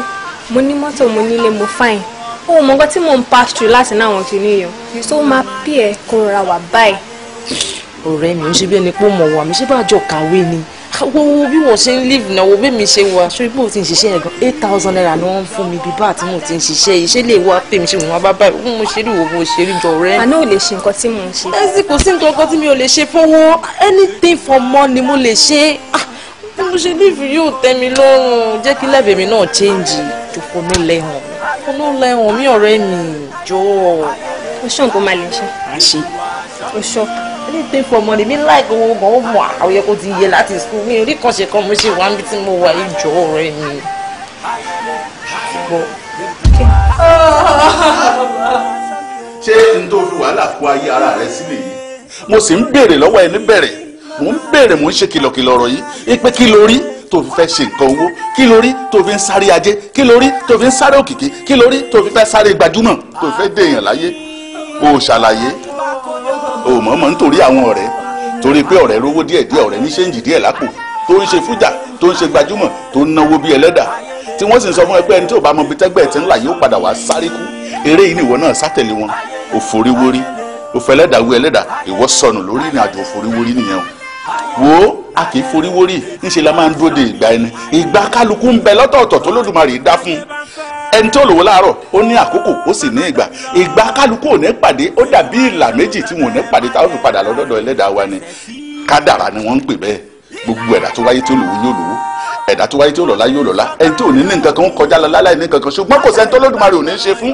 mo ní mọ́tò mo nílé mo fine ó mọ nǹkan tí mò ń pass through láti ní àwọn kìíní yẹn tó máa pí ẹ kó rọra wà báyìí. ọ̀rẹ́ mi ń ṣe bí ẹni pé ó mọ̀ wà mí ṣé bá jọ kàwé ni wo bí wọn ṣe ń leave náà wo bí mi ṣe wà ṣé bó ti ń ṣiṣẹ́ yẹn eight thousand naira ni wọ́n ń fún mi bí bá àti mo ti ń ṣiṣẹ́ iṣẹ́ lè wá pè ṣe wọn bá báyìí wọn mo ṣe rí wo mo ṣe rí jọ rẹ. àná ò lè ṣe nǹkan tí mò ń ṣe. ẹ sì kò sí nǹkan kan tí mi ò lè ṣe fọwọ́ anything for money mo lè ṣe ah, bí mo ṣe leave yóò tẹ́ mi lọ́rùn jẹ́ kí lẹ́bẹ̀ẹ́ mi náà change jòkó mi lẹ́hàn mi ọ̀rẹ́ mi anything for money mi láìpẹ́ owó gan ó mọ̀ àwọn kó ti yẹ láti school mi orí kan ṣe kan mo ṣe wà níbi tí mo wà yìí jọ ọ̀rẹ́ ṣé n tó fi wàhálà kó ayé ara rẹ sílẹ̀ yìí mo sì ń béèrè lọ́wọ́ ẹni bẹ̀rẹ̀ mo ń béèrè mo ń ṣe kìlọ̀kìlọ̀ ọ̀rọ̀ yìí pé kí ló rí tó fi fẹ́ ṣe nǹkan owó kí ló rí tó fi ń sáré ajé kí ló rí tó fi ń sáré òkìkí kí ló rí tó fi fẹ́ sáré gbajúmọ̀ tó fi fẹ́ dèèyàn láyé kó o ṣàlàyé o mọ̀ mọ̀ nítorí àwọn ọ̀rẹ́ torí pé ọ̀rẹ́ rówó díẹ̀ díẹ̀ ọ̀rẹ́ ní ṣéǹjì díẹ̀ lápò tó ń ṣe fújà tó ń ṣe gbajúmọ̀ tó ń náwó bí ẹlẹ́dà tí wọ́n sì ń sọ fún ẹgbẹ́ ẹni tí ò bá mọ ibi tẹ́gbẹ́ ẹ̀ ti ń là yóò padà wá sáré kú eré yìí ni ìwọ náà sátẹ̀lé wọn òfòríwórí òfẹlẹ́dà wí ẹlẹ́dà ìwọ sọnù lórí ìrìn àjò òfòríwórí nìyẹn o wo a kì í foríwórí ńṣe la máa ń dúró de ìgbà ẹni ìgbà kálukú ń bẹ lọ́tọ̀ọ̀tọ̀ tó lódùmarè dá fún ẹni tó lówó láàárọ̀ ó ní àkókò ó sì ní ìgbà ìgbà kálukú ò ní pàdé ó dàbí ìlà méjì tí wọn ò ní pàdé táwọn fi padà lọ́dọ̀dọ̀ ẹlẹ́dàá wa ni kádàrà ni wọ́n ń pè bẹ́ẹ̀ gbogbo ẹ̀dá tó wáyé tó lówó yóò lówó ẹ̀dá tó wáyé tó lọ́lá yóò lọ́lá ẹni tó ní ní nǹkan kan ń kọjá lọ láláì ní nǹkan kan ṣùgbọ́n kò sẹ́ni tó lódùmarè ò ní ṣe fún.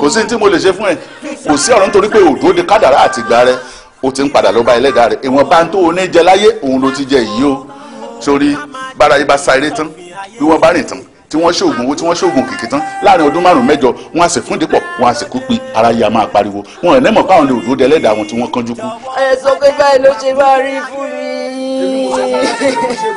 kò sí tí mo lè ṣe fún ẹ kò sí ọ̀rọ̀ nítorí pé òdò de kádàrá àtìgbà rẹ ó ti ń padà lọ bá ẹlẹ́dàá rẹ ìwọ̀nba tó o ní jẹ láyé òun ló ti jẹ yìí o sórí bára yìí bá sáré tán bí rìn tán tí wọ́n ṣoògùn owó tí wọ́n ṣoògùn kìkì tán láàrin ọdún márùn mẹ́jọ wọ́n á sì fún dípọ̀ wọ́n á sì kú pin ara yìí a máa pariwo wọn ò ní mọ̀ káwọn lè òdòdó ẹlẹ́dàá wọn tí wọ́n kánjú kú. ẹ sọ pé báyìí ló ṣe máa rí fún mi.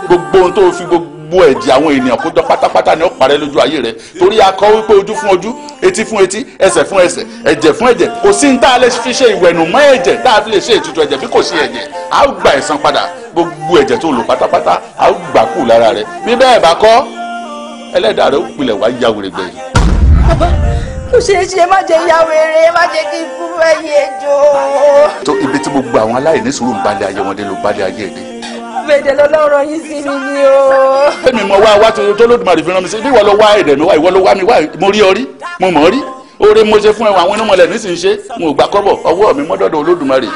gbogbo ohun tó fi gbogbo ẹ̀jẹ̀ àwọn ènìyàn kó jọ pátápátá ni ó parẹ́ lójú ayé rẹ̀ torí a wípé ojú fún ojú etí fún etí ẹsẹ̀ fún ẹsẹ̀ ẹ̀jẹ̀ fún ẹ̀jẹ̀ kò sí ní tá a lè fi ṣe ìwẹ̀nùmọ́ ẹ̀jẹ̀ tá a fi lè ṣe ètùtù ẹ̀jẹ̀ bí kò sí ẹ̀jẹ̀ a ó gba ẹ̀san padà gbogbo ẹ̀jẹ̀ tó lò pátápátá a ó gbà kú lára rẹ̀ bí bẹ́ẹ̀ bá kọ́ ẹlẹ́dàá rẹ̀ ó pilẹ̀ wá ya wèrè gbẹ̀yìn. bàbá ó ṣe ṣe má jẹ ya wèrè má jẹ kí n kú ẹyẹ jọ. tó ibi tí gbogbo àwọn aláìní sùúrù ń balẹ̀ ayé wọn dé ló balẹ̀ ayé dé. bẹ̀dẹ̀ lọ́lọ́rọ̀ yín sí mi ni o. èmi mọ wá wá tó lódùmarè fi rán mi sí ìwọ ló wá èdè mi wá ìwọ ló wá mi wá mo rí ọ rí mo mọ̀ rí oore mo ṣe fún ẹ àwọn inú mọlẹ nísìnyí ṣe mo gbà kọ́bọ̀ ọwọ́ mi mọdọdọ olódùmarè.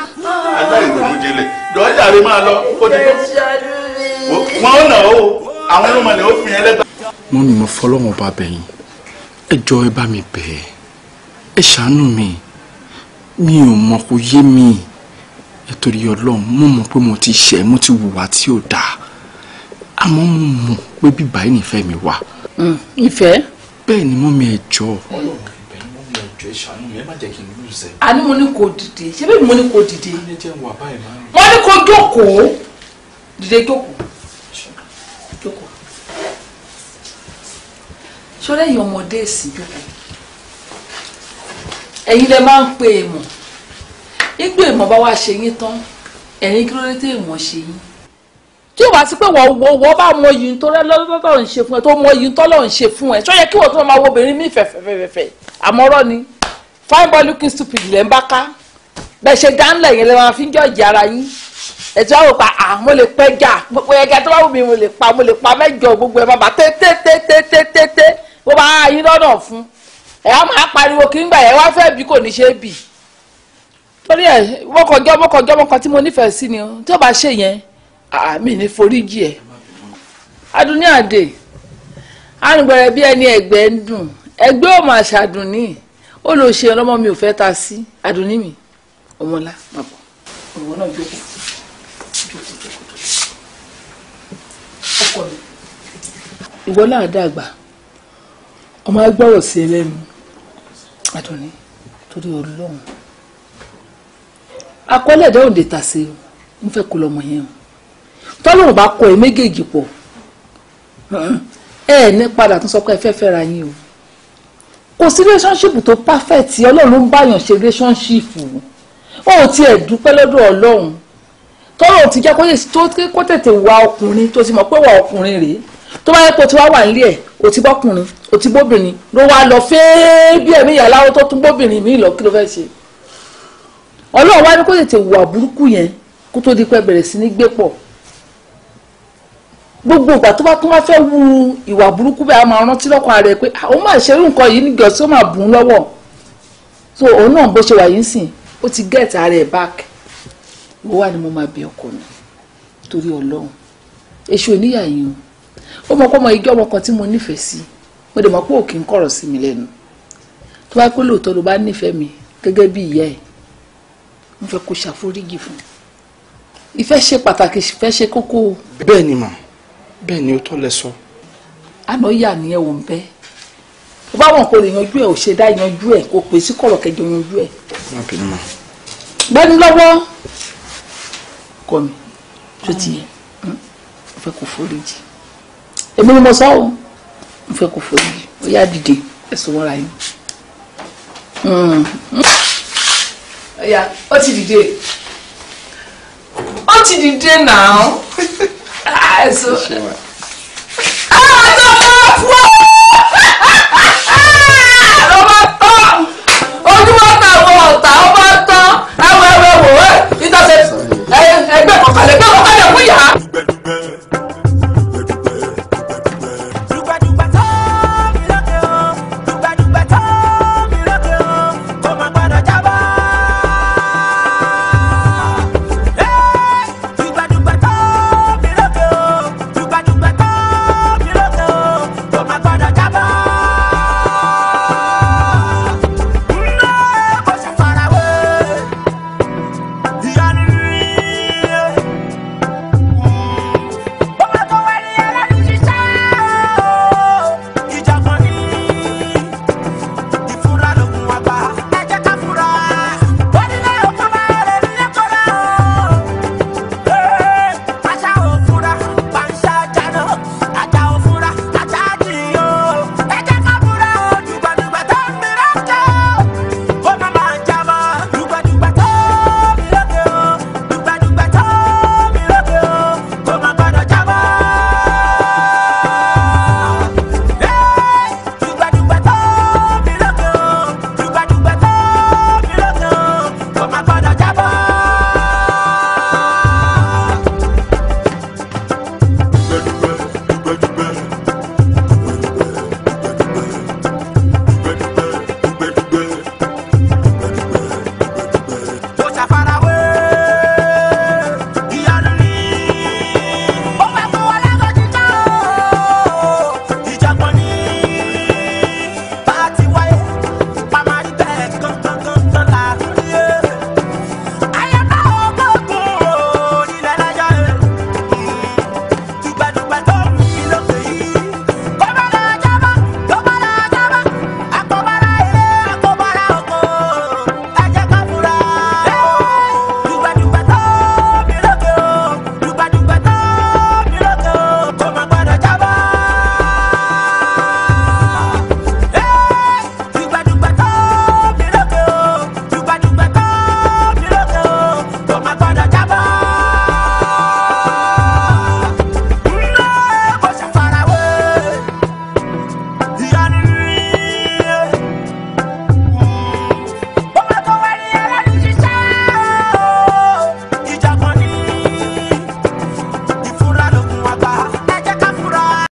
aláìrònú jẹlẹ dọjà rẹ máa lọ ó ti tó wọn ò nà àwọn inú mọlẹ ó fi yẹn mọ́ mi mọ́ fọlọ́wọ́n bá bẹ̀yìn ẹ jọ ẹ bá mi bẹ̀ ẹ́ ẹ ṣàánú mi mi ò mọ̀ kó yé mi ẹ torí ọlọ́run mo mọ̀ pé mo ti ṣẹ̀ mo ti wùwà tí ò dáa àmọ́ mo mọ̀ pé bíbá ẹ̀ nífẹ̀ẹ́ mi wà. Mm, ìfẹ́. bẹ́ẹ̀ ni mọ́ mi ẹ jọ. àní mo ní kó dìde ṣé bẹ́ẹ̀ mo ní kó dìde. wọ́n ní kó jókòó dìde jókòó. ṣọlẹ yìí ọmọdé ìsìnjú ẹ̀yin lẹ máa ń pe èèmọ̀ igbó èèmọ̀ bá wá ṣe yín tán ẹ̀yin kí ló dé tẹ èèmọ̀ ṣe yín. tí ò wá sí pé wọ́n wọ́n bá mọ yìí tó lọ́lọ́rọ̀ ń ṣe fún ẹ tó mọ yìí tó lọ́rọ̀ ń ṣe fún ẹ ṣó yẹ kí wọ́n tó máa wo obìnrin mí fẹ̀fẹ̀fẹ̀fẹ̀ àmọ́rọ́ ni fine boy looking stupid lẹ́ ń bá ká bẹ́ẹ̀ ṣe dánlẹ̀ yẹn lẹ́ máa fi ń jọ̀jì ara yín ẹ̀tí wàá wò pa à mo lè pẹ́ jà gbogbo ẹ̀gẹ́ tó bá wù mí mo lè pa mo lè pa mẹ́jọ gbogbo ẹ̀ bàbá tètè tètè tètè tètè kó bá yín lọ́nà fún ẹ̀ á máa pariwo kí ngbà ẹ̀ wá fẹ́ bí kò ní ṣe bì torí ẹ̀ mọ́kànjọ́ mọ́kànjọ́ mọ́kàn tí mo nífẹ̀ẹ́ sí ni tí ó bá ṣe yẹn àmì ní foríjì ẹ̀ adúní àdè àrùngbẹ̀rẹ̀ bí ẹni ẹ̀gbẹ́ ń dùn ẹgbẹ́ ò máa ṣàdùnní ó lọ ṣe ọlọ́mọ mi ò fẹ́ ta sí àdùnní mi ọmọlá màbọ̀ ọmọ náà jókòó ìwọ náà dàgbà ọmọ agbọ́rọ̀ sí ẹlẹ́nu àdùnní torí olóhùn akọ́lẹ̀ ẹ̀dẹ́hùn dè tà sí mo fẹ́ kó lọ́mọ yẹn o tọ́lọ́run bá kọ ẹ méjèèjì pọ̀ ẹ ní padà tún sọ pé ẹ fẹ́ fẹ́ra yín o kò sí relationship tó perfect ọlọ́run ló ń báyàn ṣe relationship o ò tiẹ̀ dúpẹ́ lọ́dọ̀ ọlọ́run tọ́lọ́run ti jẹ́ kó tètè wá ọkùnrin tó ti mọ̀ pé wà ọkùnrin rèé tó bá yẹ kó ti wá wà nílé ẹ̀ òtí bọ́kùnrin òtí bóbìnrin ló wá lọ fẹ́ẹ́ bí ẹ̀mí ìyàláwó tó tún bóbìnrin mi lọ kí ló fẹ́ ṣe ọlọ́run wá ní kó tètè wà burúkú yẹn kó tó di pé bẹ̀rẹ̀ sí ní gbé pọ̀ gbogbo ìgbà tó bá tún wá fẹ́ wu ìwà burúkú bẹ́ẹ̀ a máa rántí lọ́kàn rẹ̀ pé ó máa ṣe irú nǹkan yìí nígbà tí ó máa bùn lọ́wọ́ so òun náà bó ṣe wà yìí sìn ó ti gẹ̀ẹ́tì ara ẹ̀ back ìwọ wà ní mo máa bẹ ọkọ mi torí ọlọ́run èṣù oníyà yìí o ó mọ kọ́mọ igi ọmọ kan tí mo nífẹ̀ẹ́ sí mo dẹ̀ mọ̀ pé òkè ń kọ̀rọ̀ sí mi lẹ́nu tó bá pé lóòótọ́ ló bá nífẹ̀ẹ́ mi gẹ́gẹ́ bí ìyá ẹ̀ mo fẹ́ kó ṣàforíjì fún un ìfẹ́ ṣe pàtàkì ìfẹ́ ṣe kókó. bẹ́ẹ̀ ni mà bẹ́ẹ̀ ni ó tọ́ lẹ sọ. àná yà ni ẹ wò ń bẹ́ ó bá wọn kò lè yanjú ẹ ò ṣe dá yanjú ẹ kò pè sí kọ̀rọ̀ kẹjọ yanjú ẹ. má lọ́wọ́ kọ́ mi tó ti yẹ ó fẹ́ kó foríjì èmi ni mo sọ ọ́ mo fẹ́ kó forí ó yá dìde ẹ̀sùn wọ́n ra yín. ọ̀yà ó ti dìde ó ti dìde náà ẹ̀sùn. ọ̀tá ọba tán ẹwẹ́wẹ́ wò ẹ́ ìtọ́sẹ̀ ẹgbẹ́ kọ̀ọ̀kan lẹ́gbẹ́.